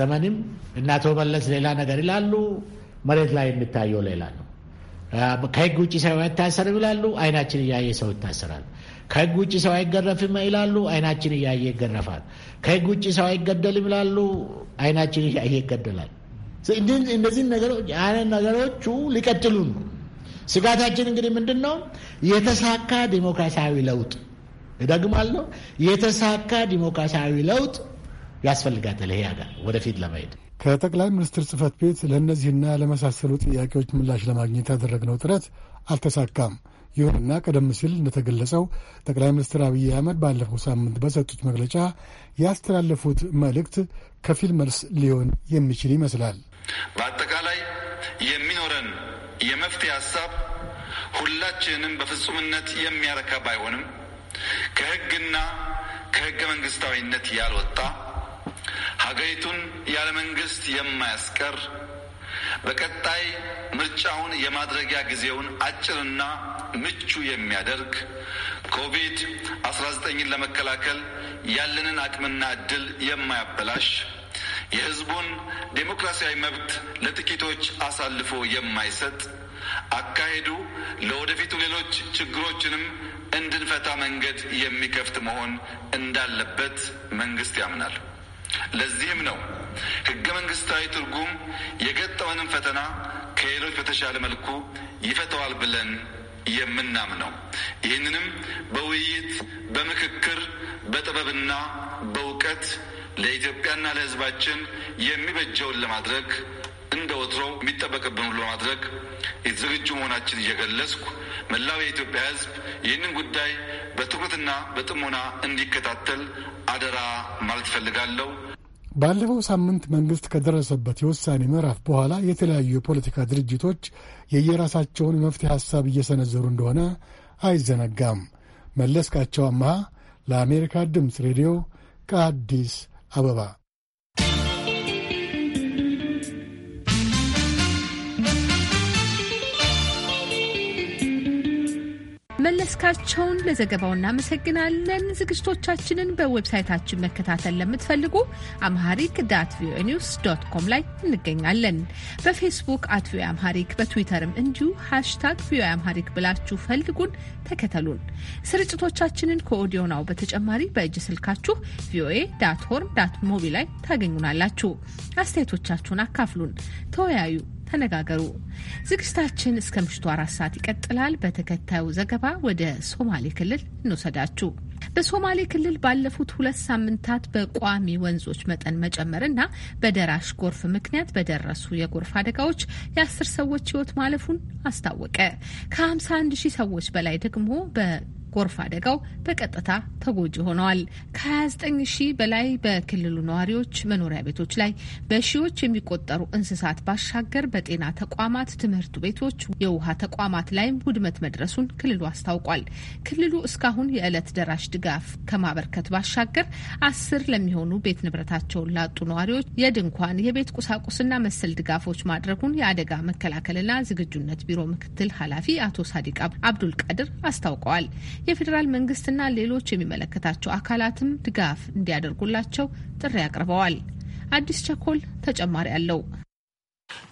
ዘመንም እናቶ መለስ ሌላ ነገር ይላሉ መሬት ላይ የሚታየው ሌላ ነው። ከህግ ውጭ ሰው አይታሰርም ይላሉ፣ አይናችን እያየ ሰው ይታሰራል። ከህግ ውጭ ሰው አይገረፍም ይላሉ፣ አይናችን እያየ ይገረፋል። ከህግ ውጭ ሰው አይገደልም ይላሉ፣ አይናችን እያየ ይገደላል። እነዚህ ነገሮቹ ሊቀጥሉ ነው። ስጋታችን እንግዲህ ምንድን ነው? የተሳካ ዲሞክራሲያዊ ለውጥ እደግማለሁ፣ የተሳካ ዲሞክራሲያዊ ለውጥ ያስፈልጋታል ይሄ ሀገር ወደፊት ለመሄድ ከጠቅላይ ሚኒስትር ጽህፈት ቤት ለእነዚህና ለመሳሰሉ ጥያቄዎች ምላሽ ለማግኘት ያደረግነው ጥረት አልተሳካም። ይሁንና ቀደም ሲል እንደተገለጸው ጠቅላይ ሚኒስትር አብይ አህመድ ባለፈው ሳምንት በሰጡት መግለጫ ያስተላለፉት መልእክት ከፊል መልስ ሊሆን የሚችል ይመስላል። በአጠቃላይ የሚኖረን የመፍትሄ ሀሳብ ሁላችንንም በፍጹምነት የሚያረካ ባይሆንም ከህግና ከህገ መንግስታዊነት ያልወጣ ሀገሪቱን ያለ መንግስት የማያስቀር በቀጣይ ምርጫውን የማድረጊያ ጊዜውን አጭርና ምቹ የሚያደርግ ኮቪድ አስራ ዘጠኝን ለመከላከል ያለንን አቅምና እድል የማያበላሽ የህዝቡን ዴሞክራሲያዊ መብት ለጥቂቶች አሳልፎ የማይሰጥ አካሄዱ ለወደፊቱ ሌሎች ችግሮችንም እንድንፈታ መንገድ የሚከፍት መሆን እንዳለበት መንግስት ያምናል። ለዚህም ነው ህገ መንግስታዊ ትርጉም የገጠመንም ፈተና ከሌሎች በተሻለ መልኩ ይፈተዋል ብለን የምናምነው። ይህንንም በውይይት በምክክር፣ በጥበብና በእውቀት ለኢትዮጵያና ለህዝባችን የሚበጀውን ለማድረግ እንደ ወትሮው የሚጠበቅብን ሁሉ ለማድረግ የተዘግጁ መሆናችን እየገለጽኩ መላው የኢትዮጵያ ህዝብ ይህንን ጉዳይ በትኩረትና በጥሞና እንዲከታተል አደራ ማለት እፈልጋለሁ። ባለፈው ሳምንት መንግስት ከደረሰበት የውሳኔ ምዕራፍ በኋላ የተለያዩ የፖለቲካ ድርጅቶች የየራሳቸውን የመፍትሄ ሀሳብ እየሰነዘሩ እንደሆነ አይዘነጋም። መለስካቸው አመሃ ለአሜሪካ ድምፅ ሬዲዮ ከአዲስ አበባ መለስካቸውን ለዘገባው እናመሰግናለን። ዝግጅቶቻችንን በዌብሳይታችን መከታተል ለምትፈልጉ አምሃሪክ ዳት ቪኦኤ ኒውስ ዶት ኮም ላይ እንገኛለን። በፌስቡክ አት ቪኦኤ አምሃሪክ፣ በትዊተርም እንዲሁ ሃሽታግ ቪኦኤ አምሃሪክ ብላችሁ ፈልጉን፣ ተከተሉን። ስርጭቶቻችንን ከኦዲዮ ናው በተጨማሪ በእጅ ስልካችሁ ቪኦኤ ዳት ሆርን ዳት ሞቢ ላይ ታገኙናላችሁ። አስተያየቶቻችሁን አካፍሉን፣ ተወያዩ ተነጋገሩ። ዝግጅታችን እስከ ምሽቱ አራት ሰዓት ይቀጥላል። በተከታዩ ዘገባ ወደ ሶማሌ ክልል እንወሰዳችሁ። በሶማሌ ክልል ባለፉት ሁለት ሳምንታት በቋሚ ወንዞች መጠን መጨመርና በደራሽ ጎርፍ ምክንያት በደረሱ የጎርፍ አደጋዎች የአስር ሰዎች ህይወት ማለፉን አስታወቀ። ከ51 ሺህ ሰዎች በላይ ደግሞ በ ጎርፍ አደጋው በቀጥታ ተጎጂ ሆነዋል። ከ29 ሺህ በላይ በክልሉ ነዋሪዎች መኖሪያ ቤቶች ላይ በሺዎች የሚቆጠሩ እንስሳት ባሻገር በጤና ተቋማት፣ ትምህርት ቤቶች፣ የውሃ ተቋማት ላይም ውድመት መድረሱን ክልሉ አስታውቋል። ክልሉ እስካሁን የዕለት ደራሽ ድጋፍ ከማበርከት ባሻገር አስር ለሚሆኑ ቤት ንብረታቸውን ላጡ ነዋሪዎች የድንኳን የቤት ቁሳቁስና መሰል ድጋፎች ማድረጉን የአደጋ መከላከልና ዝግጁነት ቢሮ ምክትል ኃላፊ አቶ ሳዲቅ አብዱል ቃድር አስታውቀዋል። የፌዴራል መንግስትና ሌሎች የሚመለከታቸው አካላትም ድጋፍ እንዲያደርጉላቸው ጥሪ አቅርበዋል። አዲስ ቸኮል ተጨማሪ አለው።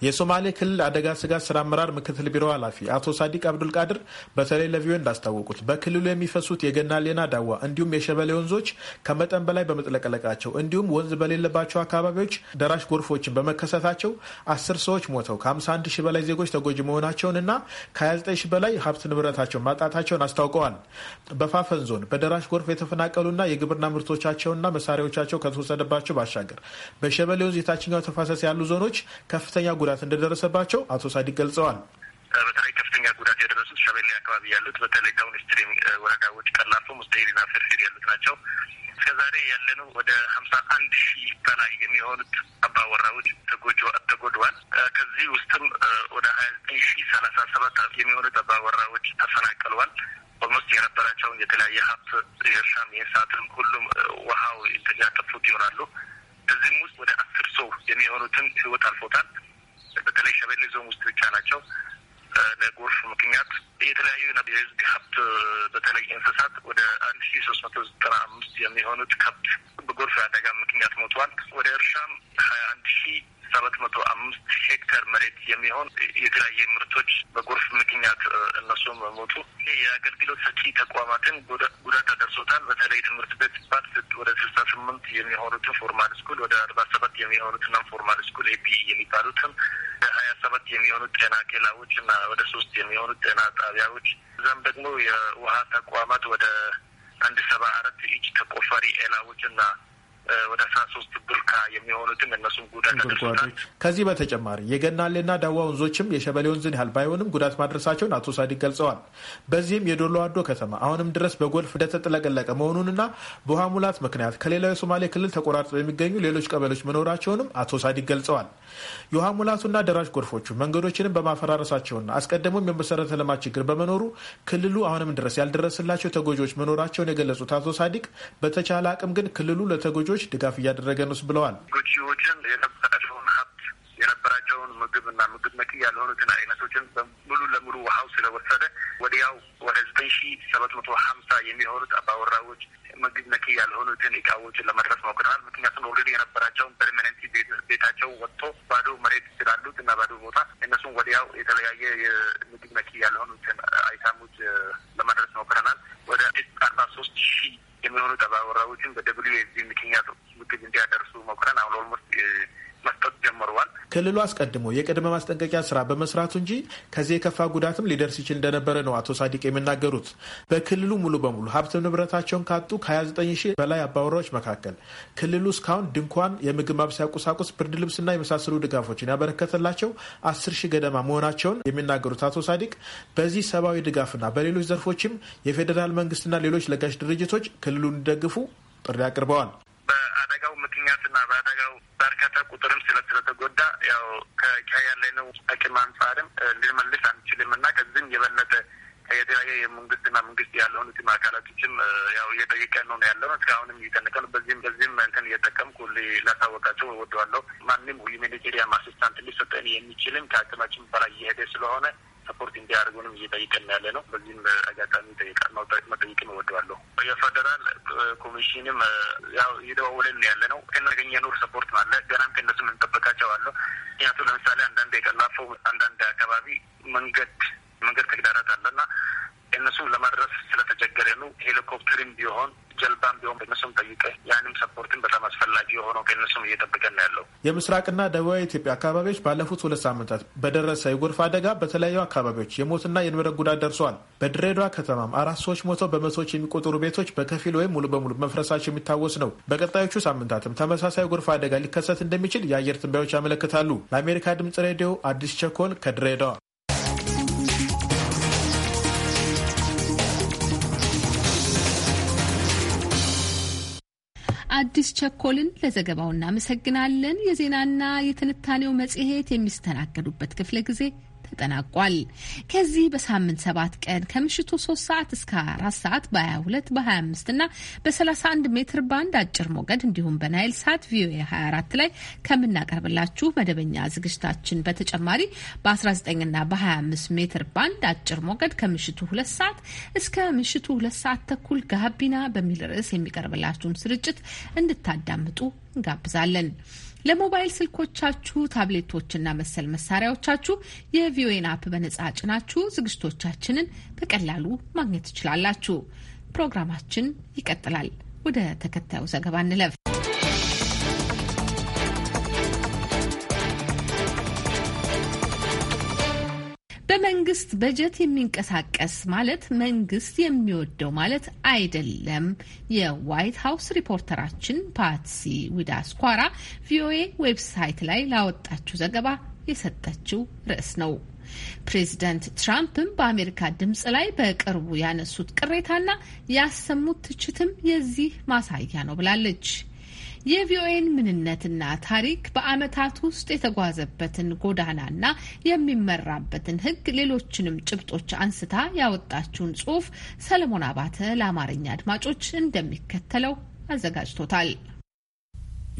የሶማሌ ክልል አደጋ ስጋት ስራ አመራር ምክትል ቢሮ ኃላፊ አቶ ሳዲቅ አብዱልቃድር በተለይ ለቪዮ እንዳስታወቁት በክልሉ የሚፈሱት የገናሌና ዳዋ እንዲሁም የሸበሌ ወንዞች ከመጠን በላይ በመጥለቅለቃቸው እንዲሁም ወንዝ በሌለባቸው አካባቢዎች ደራሽ ጎርፎችን በመከሰታቸው አስር ሰዎች ሞተው ከ51 ሺህ በላይ ዜጎች ተጎጂ መሆናቸውን እና ከ29 ሺህ በላይ ሀብት ንብረታቸውን ማጣታቸውን አስታውቀዋል። በፋፈን ዞን በደራሽ ጎርፍ የተፈናቀሉና የግብርና ምርቶቻቸውና መሳሪያዎቻቸው ከተወሰደባቸው ባሻገር በሸበሌ ወንዝ የታችኛው ተፋሰስ ያሉ ዞኖች ከፍተኛ ከፍተኛ ጉዳት እንደደረሰባቸው አቶ ሳዲቅ ገልጸዋል። በተለይ ከፍተኛ ጉዳት የደረሱት ሸበሌ አካባቢ ያሉት በተለይ ዳውን ስትሪም ወረዳዎች ቀላፎ፣ ሙስተሄሪና ፍርፊር ያሉት ናቸው። እስከዛሬ ያለነው ወደ ሀምሳ አንድ ሺህ በላይ የሚሆኑት አባወራዎች ተጎድዋል። ከዚህ ውስጥም ወደ ሀያ ዘጠኝ ሺህ ሰላሳ ሰባት የሚሆኑት አባወራዎች ተፈናቀሏል። ኦልሞስት የነበራቸውን የተለያየ ሀብት የእርሻም የእንስሳትም ሁሉም ውሃው ያጠፉት ይሆናሉ። እዚህም ውስጥ ወደ አስር ሰው የሚሆኑትን ህይወት አልፎታል። በተለይ ሸበሌ ዞን ውስጥ ብቻ ናቸው። ለጎርፍ ምክንያት የተለያዩ የህዝብ ሀብት በተለይ እንስሳት ወደ አንድ ሺ ሶስት መቶ ዘጠና አምስት የሚሆኑት ከብት በጎርፍ አደጋ ምክንያት ሞቷል። ወደ እርሻም ሀያ አንድ ሺ ሰባት መቶ አምስት ሄክተር መሬት የሚሆን የተለያየ ምርቶች በጎርፍ ምክንያት እነሱም ሞቱ። የአገልግሎት ሰጪ ተቋማትን ጉዳት አደርሶታል። በተለይ ትምህርት ቤት ባት ወደ ስልሳ ስምንት የሚሆኑትን ፎርማል ስኩል ወደ አርባ ሰባት የሚሆኑት ናን ፎርማል ስኩል ኤፒ የሚባሉትን ሀያ ሰባት የሚሆኑት ጤና ኬላዎች እና ወደ ሶስት የሚሆኑት ጤና ጣቢያዎች እዛም ደግሞ የውሃ ተቋማት ወደ አንድ ሰባ አራት ኢንች ተቆፋሪ ኤላዎች እና ወደ አስራ ሶስት ቡልካ የሚሆኑትም እነሱም ጉዳት አድርሷል። ከዚህ በተጨማሪ የገናሌና ዳዋ ወንዞችም የሸበሌ ወንዝን ያህል ባይሆንም ጉዳት ማድረሳቸውን አቶ ሳዲቅ ገልጸዋል። በዚህም የዶሎ አዶ ከተማ አሁንም ድረስ በጎርፍ እንደተጥለቀለቀ መሆኑንና በውሃ ሙላት ምክንያት ከሌላው የሶማሌ ክልል ተቆራርጠው የሚገኙ ሌሎች ቀበሌዎች መኖራቸውንም አቶ ሳዲቅ ገልጸዋል። የውሃ ሙላቱና ደራሽ ጎርፎቹ መንገዶችንም በማፈራረሳቸውና አስቀድሞም የመሰረተ ልማት ችግር በመኖሩ ክልሉ አሁንም ድረስ ያልደረስላቸው ተጎጂዎች መኖራቸውን የገለጹት አቶ ሳዲቅ በተቻለ አቅም ግን ክልሉ ለተጎጆ ድርጅቶች ድጋፍ እያደረገ ነው ብለዋል። ተጎጂዎችን የነበራቸውን ሀብት የነበራቸውን ምግብ እና ምግብ ነክ ያልሆኑትን አይነቶችን ሙሉ ለሙሉ ውሃው ስለወሰደ ወዲያው ወደ ዘጠኝ ሺ ሰባት መቶ ሀምሳ የሚሆኑት አባወራዎች ምግብ ነክ ያልሆኑትን እቃዎችን ለመድረስ ሞክረናል። ምክንያቱም ኦልሬዲ የነበራቸውን ፐርማነንት ቤታቸው ወጥቶ ባዶ መሬት ስላሉት እና ባዶ ቦታ እነሱም ወዲያው የተለያየ የምግብ ነክ ያልሆኑትን አይታሞች ለመድረስ ሞክረናል። ወደ አርባ ሶስት ሺህ የሚሆኑ ተባወራዎችን በደብሊዩ ኤፍ ፒ ምክንያት ምግብ እንዲያደርሱ ሞክረን አሁን ኦልሞስት መስጠት ጀምረዋል። ክልሉ አስቀድሞ የቅድመ ማስጠንቀቂያ ስራ በመስራቱ እንጂ ከዚህ የከፋ ጉዳትም ሊደርስ ይችል እንደነበረ ነው አቶ ሳዲቅ የሚናገሩት። በክልሉ ሙሉ በሙሉ ሀብት ንብረታቸውን ካጡ ከ29 ሺህ በላይ አባወራዎች መካከል ክልሉ እስካሁን ድንኳን፣ የምግብ ማብሰያ ቁሳቁስ፣ ብርድ ልብስና የመሳሰሉ ድጋፎችን ያበረከተላቸው አስር ሺህ ገደማ መሆናቸውን የሚናገሩት አቶ ሳዲቅ በዚህ ሰብአዊ ድጋፍና በሌሎች ዘርፎችም የፌዴራል መንግስትና ሌሎች ለጋሽ ድርጅቶች ክልሉን እንዲደግፉ ጥሪ አቅርበዋል። በአደጋው ምክንያትና በአደጋው በርካታ ቁጥርም ስለተጎዳ ያው ከኪያ ያለ ነው አቅም አንጻርም ልንመልስ አንችልም እና ከዚህም የበለጠ የተለያየ የመንግስትና መንግስት ያልሆኑትም አካላቶችም ያው እየጠየቀ ነው ያለ ነው። እስካሁንም እየጠነቀ ነው። በዚህም በዚህም እንትን እየጠቀምኩ ላሳወቃቸው ወደዋለሁ። ማንም ሁማኒቴሪያን አሲስታንት ሊሰጠን የሚችልም ከአቅማችን በላይ እየሄደ ስለሆነ ሰፖርት እንዲያደርጉንም እየጠይቅን ያለ ነው። በዚህም አጋጣሚ ጠይቃል መጠይቅ እወደዋለሁ። የፌደራል ኮሚሽንም ያው እየደዋወለን ያለ ነው። ከናገኘ ኑር ሰፖርት አለ። ገናም ከነሱ የምንጠበቃቸው አለ። ምክንያቱ ለምሳሌ አንዳንድ የቀላፎ አንዳንድ አካባቢ መንገድ መንገድ ተግዳራት አለና እነሱ ለማድረስ ስለተቸገረ ነው ሄሊኮፕተርም ቢሆን ጀልባም ቢሆን በእነሱም ጠይቀ ያንም ሰፖርትን በጣም አስፈላጊ የሆነው ከእነሱም እየጠበቀን ያለው የምስራቅና ደቡባዊ ኢትዮጵያ አካባቢዎች ባለፉት ሁለት ሳምንታት በደረሰ የጎርፍ አደጋ በተለያዩ አካባቢዎች የሞትና የንብረት ጉዳት ደርሰዋል። በድሬዳዋ ከተማም አራት ሰዎች ሞተው በመቶዎች የሚቆጠሩ ቤቶች በከፊል ወይም ሙሉ በሙሉ መፍረሳቸው የሚታወስ ነው። በቀጣዮቹ ሳምንታትም ተመሳሳይ የጎርፍ አደጋ ሊከሰት እንደሚችል የአየር ትንባዮች ያመለክታሉ። ለአሜሪካ ድምጽ ሬዲዮ አዲስ ቸኮል ከድሬዳዋ አዲስ ቸኮልን ለዘገባው እናመሰግናለን። የዜናና የትንታኔው መጽሔት የሚስተናገዱበት ክፍለ ጊዜ ተጠናቋል። ከዚህ በሳምንት ሰባት ቀን ከምሽቱ 3 ሰዓት እስከ 4 ሰዓት በ22 በ25 እና በ31 ሜትር ባንድ አጭር ሞገድ እንዲሁም በናይል ሳት ቪኦኤ 24 ላይ ከምናቀርብላችሁ መደበኛ ዝግጅታችን በተጨማሪ በ19 ና በ25 ሜትር ባንድ አጭር ሞገድ ከምሽቱ 2 ሰዓት እስከ ምሽቱ 2 ሰዓት ተኩል ጋቢና በሚል ርዕስ የሚቀርብላችሁን ስርጭት እንድታዳምጡ እንጋብዛለን። ለሞባይል ስልኮቻችሁ፣ ታብሌቶችና መሰል መሳሪያዎቻችሁ የቪኦኤን አፕ በነጻ ጭናችሁ ዝግጅቶቻችንን በቀላሉ ማግኘት ትችላላችሁ። ፕሮግራማችን ይቀጥላል። ወደ ተከታዩ ዘገባ እንለፍ። በመንግስት በጀት የሚንቀሳቀስ ማለት መንግስት የሚወደው ማለት አይደለም። የዋይት ሀውስ ሪፖርተራችን ፓትሲ ዊዳስኳራ ቪኦኤ ዌብሳይት ላይ ላወጣችው ዘገባ የሰጠችው ርዕስ ነው። ፕሬዚደንት ትራምፕም በአሜሪካ ድምፅ ላይ በቅርቡ ያነሱት ቅሬታና ያሰሙት ትችትም የዚህ ማሳያ ነው ብላለች። የቪኦኤን ምንነትና ታሪክ በዓመታት ውስጥ የተጓዘበትን ጎዳናና የሚመራበትን ህግ ሌሎችንም ጭብጦች አንስታ ያወጣችውን ጽሑፍ ሰለሞን አባተ ለአማርኛ አድማጮች እንደሚከተለው አዘጋጅቶታል።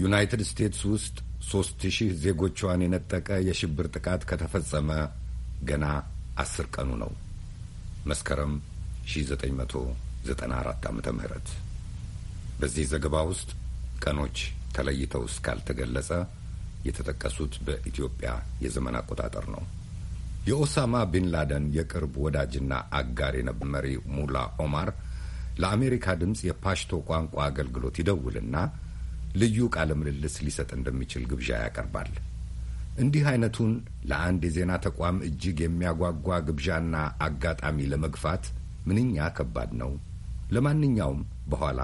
ዩናይትድ ስቴትስ ውስጥ ሶስት ሺህ ዜጎቿን የነጠቀ የሽብር ጥቃት ከተፈጸመ ገና አስር ቀኑ ነው። መስከረም 1994 ዓ ም በዚህ ዘገባ ውስጥ ቀኖች ተለይተው እስካልተገለጸ የተጠቀሱት በኢትዮጵያ የዘመን አቆጣጠር ነው። የኦሳማ ቢን ላደን የቅርብ ወዳጅና አጋር የነበረ መሪ ሙላ ኦማር ለአሜሪካ ድምፅ የፓሽቶ ቋንቋ አገልግሎት ይደውልና ልዩ ቃለ ምልልስ ሊሰጥ እንደሚችል ግብዣ ያቀርባል። እንዲህ አይነቱን ለአንድ የዜና ተቋም እጅግ የሚያጓጓ ግብዣና አጋጣሚ ለመግፋት ምንኛ ከባድ ነው። ለማንኛውም በኋላ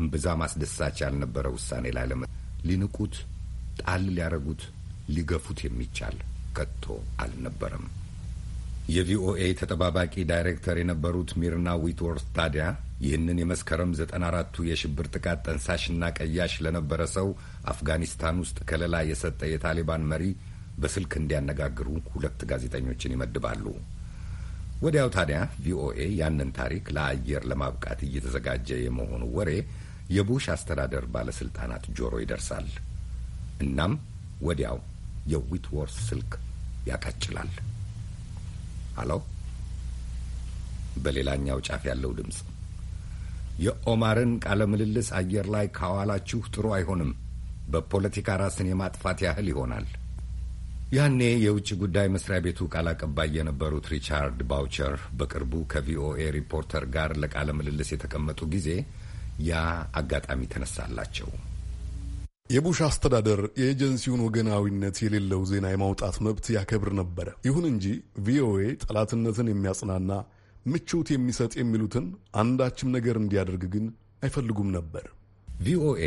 እምብዛም አስደሳች ያልነበረ ውሳኔ ላይ ሊንቁት፣ ጣል ሊያረጉት፣ ሊገፉት የሚቻል ከቶ አልነበረም። የቪኦኤ ተጠባባቂ ዳይሬክተር የነበሩት ሚርና ዊትወርስ ታዲያ ይህንን የመስከረም ዘጠና አራቱ የሽብር ጥቃት ጠንሳሽና ቀያሽ ለነበረ ሰው አፍጋኒስታን ውስጥ ከለላ የሰጠ የታሊባን መሪ በስልክ እንዲያነጋግሩ ሁለት ጋዜጠኞችን ይመድባሉ። ወዲያው ታዲያ ቪኦኤ ያንን ታሪክ ለአየር ለማብቃት እየተዘጋጀ የመሆኑ ወሬ የቡሽ አስተዳደር ባለስልጣናት ጆሮ ይደርሳል። እናም ወዲያው የዊትወርስ ስልክ ያቃጭላል። አሎ፣ በሌላኛው ጫፍ ያለው ድምፅ የኦማርን ቃለ ምልልስ አየር ላይ ካዋላችሁ ጥሩ አይሆንም። በፖለቲካ ራስን የማጥፋት ያህል ይሆናል። ያኔ የውጭ ጉዳይ መስሪያ ቤቱ ቃል አቀባይ የነበሩት ሪቻርድ ባውቸር በቅርቡ ከቪኦኤ ሪፖርተር ጋር ለቃለ ምልልስ የተቀመጡ ጊዜ ያ አጋጣሚ ተነሳላቸው። የቡሽ አስተዳደር የኤጀንሲውን ወገናዊነት የሌለው ዜና የማውጣት መብት ያከብር ነበረ። ይሁን እንጂ ቪኦኤ ጠላትነትን የሚያጽናና ምቾት የሚሰጥ የሚሉትን አንዳችም ነገር እንዲያደርግ ግን አይፈልጉም ነበር። ቪኦኤ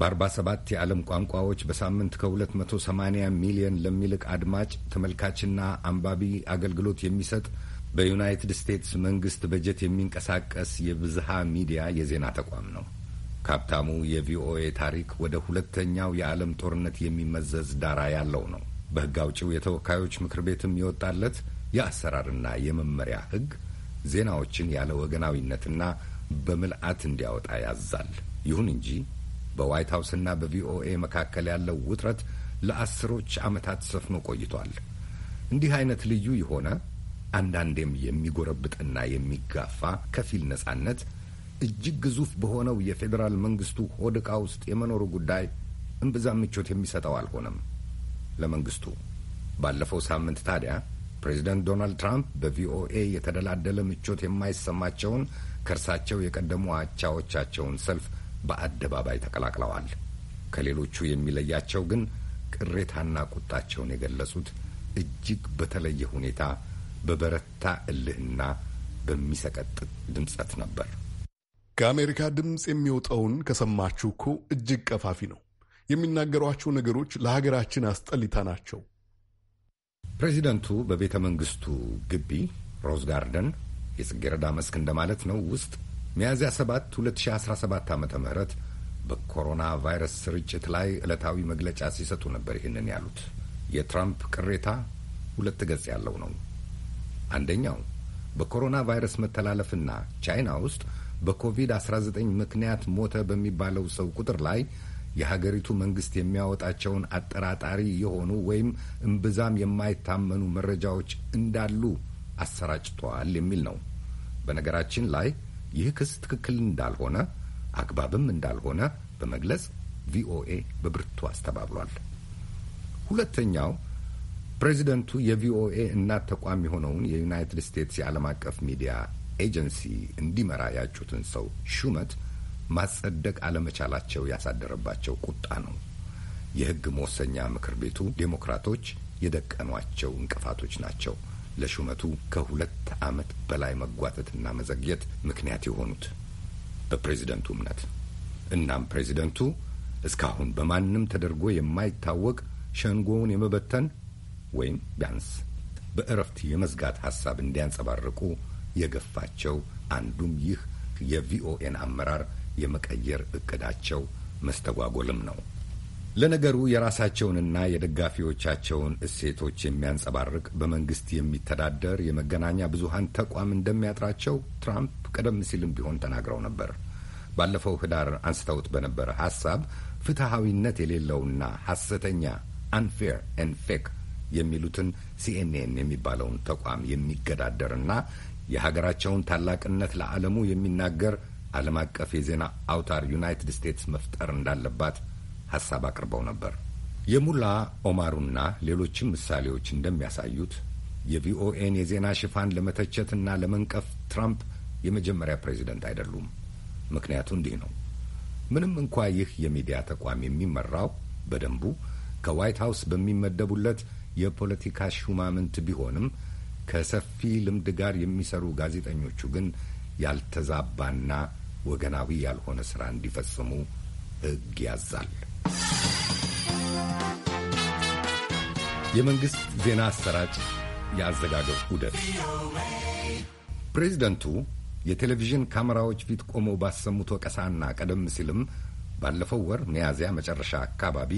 በ47 የዓለም ቋንቋዎች በሳምንት ከ280 ሚሊዮን ለሚልቅ አድማጭ ተመልካችና አንባቢ አገልግሎት የሚሰጥ በዩናይትድ ስቴትስ መንግስት በጀት የሚንቀሳቀስ የብዝሃ ሚዲያ የዜና ተቋም ነው። ካፕታሙ የቪኦኤ ታሪክ ወደ ሁለተኛው የዓለም ጦርነት የሚመዘዝ ዳራ ያለው ነው። በሕግ አውጪው የተወካዮች ምክር ቤትም የወጣለት የአሰራርና የመመሪያ ሕግ ዜናዎችን ያለ ወገናዊነትና በምልአት እንዲያወጣ ያዛል። ይሁን እንጂ በዋይት ሀውስና በቪኦኤ መካከል ያለው ውጥረት ለአስሮች ዓመታት ሰፍኖ ቆይቷል። እንዲህ አይነት ልዩ የሆነ አንዳንዴም የሚጎረብጥና የሚጋፋ ከፊል ነጻነት እጅግ ግዙፍ በሆነው የፌዴራል መንግስቱ ሆድ ዕቃ ውስጥ የመኖሩ ጉዳይ እምብዛም ምቾት የሚሰጠው አልሆነም ለመንግስቱ። ባለፈው ሳምንት ታዲያ ፕሬዚደንት ዶናልድ ትራምፕ በቪኦኤ የተደላደለ ምቾት የማይሰማቸውን ከእርሳቸው የቀደሙ አቻዎቻቸውን ሰልፍ በአደባባይ ተቀላቅለዋል። ከሌሎቹ የሚለያቸው ግን ቅሬታና ቁጣቸውን የገለጹት እጅግ በተለየ ሁኔታ በበረታ እልህና በሚሰቀጥጥ ድምጸት ነበር። ከአሜሪካ ድምፅ የሚወጣውን ከሰማችሁ እኮ እጅግ ቀፋፊ ነው። የሚናገሯቸው ነገሮች ለሀገራችን አስጠሊታ ናቸው። ፕሬዚደንቱ በቤተ መንግስቱ ግቢ ሮዝ ጋርደን የጽጌረዳ መስክ እንደማለት ነው ውስጥ ሚያዝያ 7 2017 ዓ ም በኮሮና ቫይረስ ስርጭት ላይ ዕለታዊ መግለጫ ሲሰጡ ነበር። ይህንን ያሉት የትራምፕ ቅሬታ ሁለት ገጽ ያለው ነው። አንደኛው በኮሮና ቫይረስ መተላለፍና ቻይና ውስጥ በኮቪድ-19 ምክንያት ሞተ በሚባለው ሰው ቁጥር ላይ የሀገሪቱ መንግስት የሚያወጣቸውን አጠራጣሪ የሆኑ ወይም እምብዛም የማይታመኑ መረጃዎች እንዳሉ አሰራጭተዋል የሚል ነው። በነገራችን ላይ ይህ ክስ ትክክል እንዳልሆነ አግባብም እንዳልሆነ በመግለጽ ቪኦኤ በብርቱ አስተባብሏል። ሁለተኛው ፕሬዚደንቱ የቪኦኤ እናት ተቋም የሆነውን የዩናይትድ ስቴትስ የዓለም አቀፍ ሚዲያ ኤጀንሲ እንዲመራ ያጩትን ሰው ሹመት ማጸደቅ አለመቻላቸው ያሳደረባቸው ቁጣ ነው። የሕግ መወሰኛ ምክር ቤቱ ዴሞክራቶች የደቀኗቸው እንቅፋቶች ናቸው ለሹመቱ ከሁለት ዓመት በላይ መጓተትና መዘግየት ምክንያት የሆኑት በፕሬዚደንቱ እምነት። እናም ፕሬዚደንቱ እስካሁን በማንም ተደርጎ የማይታወቅ ሸንጎውን የመበተን ወይም ቢያንስ በእረፍት የመዝጋት ሀሳብ እንዲያንጸባርቁ የገፋቸው አንዱም ይህ የቪኦኤን አመራር የመቀየር እቅዳቸው መስተጓጎልም ነው። ለነገሩ የራሳቸውንና የደጋፊዎቻቸውን እሴቶች የሚያንጸባርቅ በመንግስት የሚተዳደር የመገናኛ ብዙሃን ተቋም እንደሚያጥራቸው ትራምፕ ቀደም ሲልም ቢሆን ተናግረው ነበር። ባለፈው ህዳር አንስተውት በነበረ ሀሳብ ፍትሐዊነት የሌለውና ሐሰተኛ አንፌር ኤንድ ፌክ የሚሉትን ሲኤንኤን የሚባለውን ተቋም የሚገዳደርና የሀገራቸውን ታላቅነት ለዓለሙ የሚናገር ዓለም አቀፍ የዜና አውታር ዩናይትድ ስቴትስ መፍጠር እንዳለባት ሀሳብ አቅርበው ነበር። የሙላ ኦማሩና ሌሎችም ምሳሌዎች እንደሚያሳዩት የቪኦኤን የዜና ሽፋን ለመተቸትና ለመንቀፍ ትራምፕ የመጀመሪያ ፕሬዚደንት አይደሉም። ምክንያቱ እንዲህ ነው። ምንም እንኳ ይህ የሚዲያ ተቋም የሚመራው በደንቡ ከዋይት ሀውስ በሚመደቡለት የፖለቲካ ሹማምንት ቢሆንም ከሰፊ ልምድ ጋር የሚሰሩ ጋዜጠኞቹ ግን ያልተዛባና ወገናዊ ያልሆነ ስራ እንዲፈጽሙ ሕግ ያዛል። የመንግሥት ዜና አሰራጭ የአዘጋገብ ዑደት ፕሬዚደንቱ የቴሌቪዥን ካሜራዎች ፊት ቆመው ባሰሙት ወቀሳና ቀደም ሲልም ባለፈው ወር ሚያዝያ መጨረሻ አካባቢ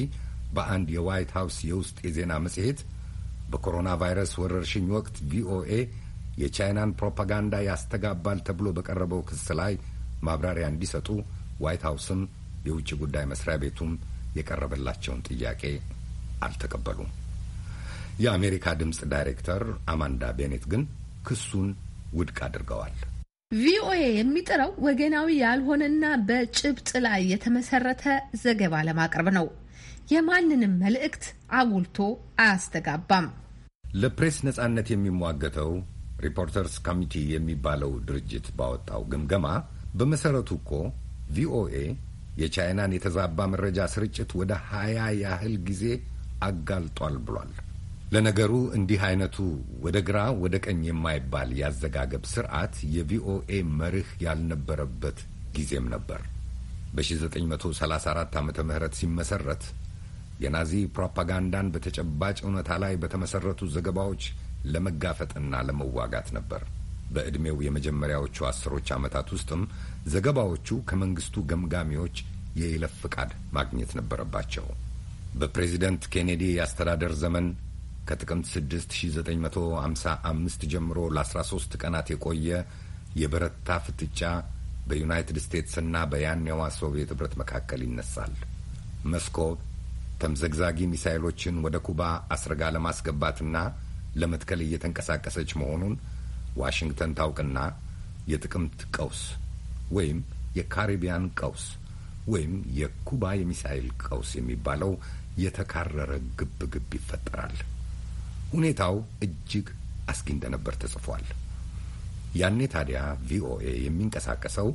በአንድ የዋይት ሀውስ የውስጥ የዜና መጽሔት በኮሮና ቫይረስ ወረርሽኝ ወቅት ቪኦኤ የቻይናን ፕሮፓጋንዳ ያስተጋባል ተብሎ በቀረበው ክስ ላይ ማብራሪያ እንዲሰጡ ዋይት ሀውስም የውጭ ጉዳይ መስሪያ ቤቱም የቀረበላቸውን ጥያቄ አልተቀበሉም። የአሜሪካ ድምፅ ዳይሬክተር አማንዳ ቤኔት ግን ክሱን ውድቅ አድርገዋል። ቪኦኤ የሚጥረው ወገናዊ ያልሆነና በጭብጥ ላይ የተመሰረተ ዘገባ ለማቅረብ ነው። የማንንም መልእክት አጉልቶ አያስተጋባም። ለፕሬስ ነጻነት የሚሟገተው ሪፖርተርስ ኮሚቲ የሚባለው ድርጅት ባወጣው ግምገማ በመሰረቱ እኮ ቪኦኤ የቻይናን የተዛባ መረጃ ስርጭት ወደ ሀያ ያህል ጊዜ አጋልጧል ብሏል። ለነገሩ እንዲህ አይነቱ ወደ ግራ ወደ ቀኝ የማይባል ያዘጋገብ ስርዓት የቪኦኤ መርህ ያልነበረበት ጊዜም ነበር። በ1934 ዓ ም ሲመሰረት የናዚ ፕሮፓጋንዳን በተጨባጭ እውነታ ላይ በተመሰረቱ ዘገባዎች ለመጋፈጥና ለመዋጋት ነበር። በዕድሜው የመጀመሪያዎቹ አስሮች ዓመታት ውስጥም ዘገባዎቹ ከመንግስቱ ገምጋሚዎች የይለፍ ፍቃድ ማግኘት ነበረባቸው። በፕሬዚደንት ኬኔዲ የአስተዳደር ዘመን ከጥቅምት 6 1955 ጀምሮ ለ13 ቀናት የቆየ የበረታ ፍጥጫ በዩናይትድ ስቴትስና በያኔዋ ሶቪየት ኅብረት መካከል ይነሳል። መስኮብ ተምዘግዛጊ ሚሳይሎችን ወደ ኩባ አስረጋ ለማስገባትና ለመትከል እየተንቀሳቀሰች መሆኑን ዋሽንግተን ታውቅና የጥቅምት ቀውስ ወይም የካሪቢያን ቀውስ ወይም የኩባ የሚሳይል ቀውስ የሚባለው የተካረረ ግብ ግብ ይፈጠራል። ሁኔታው እጅግ አስጊ እንደነበር ተጽፏል። ያኔ ታዲያ ቪኦኤ የሚንቀሳቀሰው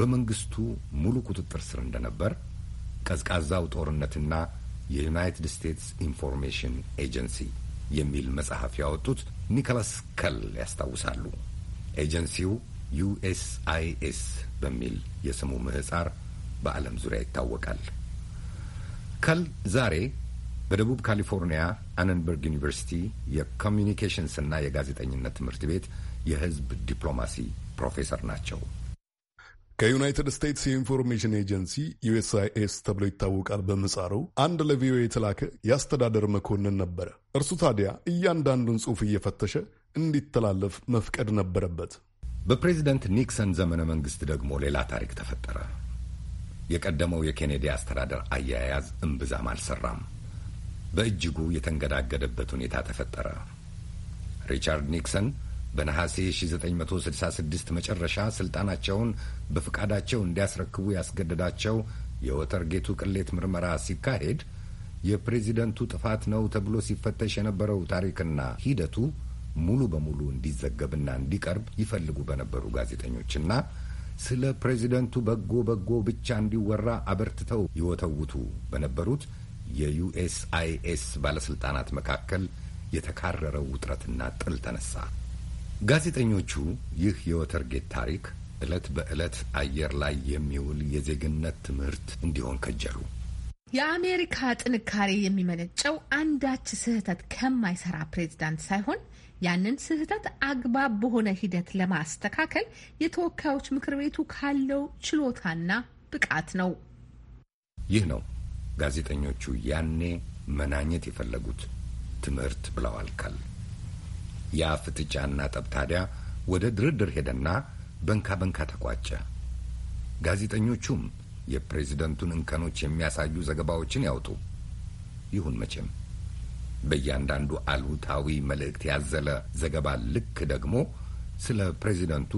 በመንግስቱ ሙሉ ቁጥጥር ስር እንደነበር ቀዝቃዛው ጦርነትና የዩናይትድ ስቴትስ ኢንፎርሜሽን ኤጀንሲ የሚል መጽሐፍ ያወጡት ኒኮላስ ከል ያስታውሳሉ። ኤጀንሲው ዩኤስአይኤስ በሚል የስሙ ምህጻር በዓለም ዙሪያ ይታወቃል። ከል ዛሬ በደቡብ ካሊፎርኒያ አነንበርግ ዩኒቨርሲቲ እና የጋዜጠኝነት ትምህርት ቤት የህዝብ ዲፕሎማሲ ፕሮፌሰር ናቸው። ከዩናይትድ ስቴትስ የኢንፎርሜሽን ኤጀንሲ ዩኤስአይኤስ ተብሎ ይታወቃል በምጻሩ አንድ ለቪኦኤ የተላከ የአስተዳደር መኮንን ነበረ። እርሱ ታዲያ እያንዳንዱን ጽሑፍ እየፈተሸ እንዲተላለፍ መፍቀድ ነበረበት። በፕሬዚደንት ኒክሰን ዘመነ መንግስት ደግሞ ሌላ ታሪክ ተፈጠረ። የቀደመው የኬኔዲ አስተዳደር አያያዝ እምብዛም አልሰራም። በእጅጉ የተንገዳገደበት ሁኔታ ተፈጠረ። ሪቻርድ ኒክሰን በነሐሴ 1966 መጨረሻ ስልጣናቸውን በፍቃዳቸው እንዲያስረክቡ ያስገደዳቸው የወተር ጌቱ ቅሌት ምርመራ ሲካሄድ የፕሬዚደንቱ ጥፋት ነው ተብሎ ሲፈተሽ የነበረው ታሪክና ሂደቱ ሙሉ በሙሉ እንዲዘገብና እንዲቀርብ ይፈልጉ በነበሩ ጋዜጠኞችና ስለ ፕሬዚደንቱ በጎ በጎ ብቻ እንዲወራ አበርትተው ይወተውቱ በነበሩት የዩኤስአይኤስ ባለሥልጣናት መካከል የተካረረው ውጥረትና ጥል ተነሳ። ጋዜጠኞቹ ይህ የወተርጌት ታሪክ ዕለት በዕለት አየር ላይ የሚውል የዜግነት ትምህርት እንዲሆን ከጀሉ። የአሜሪካ ጥንካሬ የሚመነጨው አንዳች ስህተት ከማይሰራ ፕሬዝዳንት ሳይሆን ያንን ስህተት አግባብ በሆነ ሂደት ለማስተካከል የተወካዮች ምክር ቤቱ ካለው ችሎታና ብቃት ነው። ይህ ነው ጋዜጠኞቹ ያኔ መናኘት የፈለጉት ትምህርት ብለዋል ካል ያ ፍጥጫና ጠብ ታዲያ ወደ ድርድር ሄደና በንካ በንካ ተቋጨ። ጋዜጠኞቹም የፕሬዚደንቱን እንከኖች የሚያሳዩ ዘገባዎችን ያውጡ። ይሁን መቼም በእያንዳንዱ አሉታዊ መልእክት ያዘለ ዘገባ ልክ ደግሞ ስለ ፕሬዚደንቱ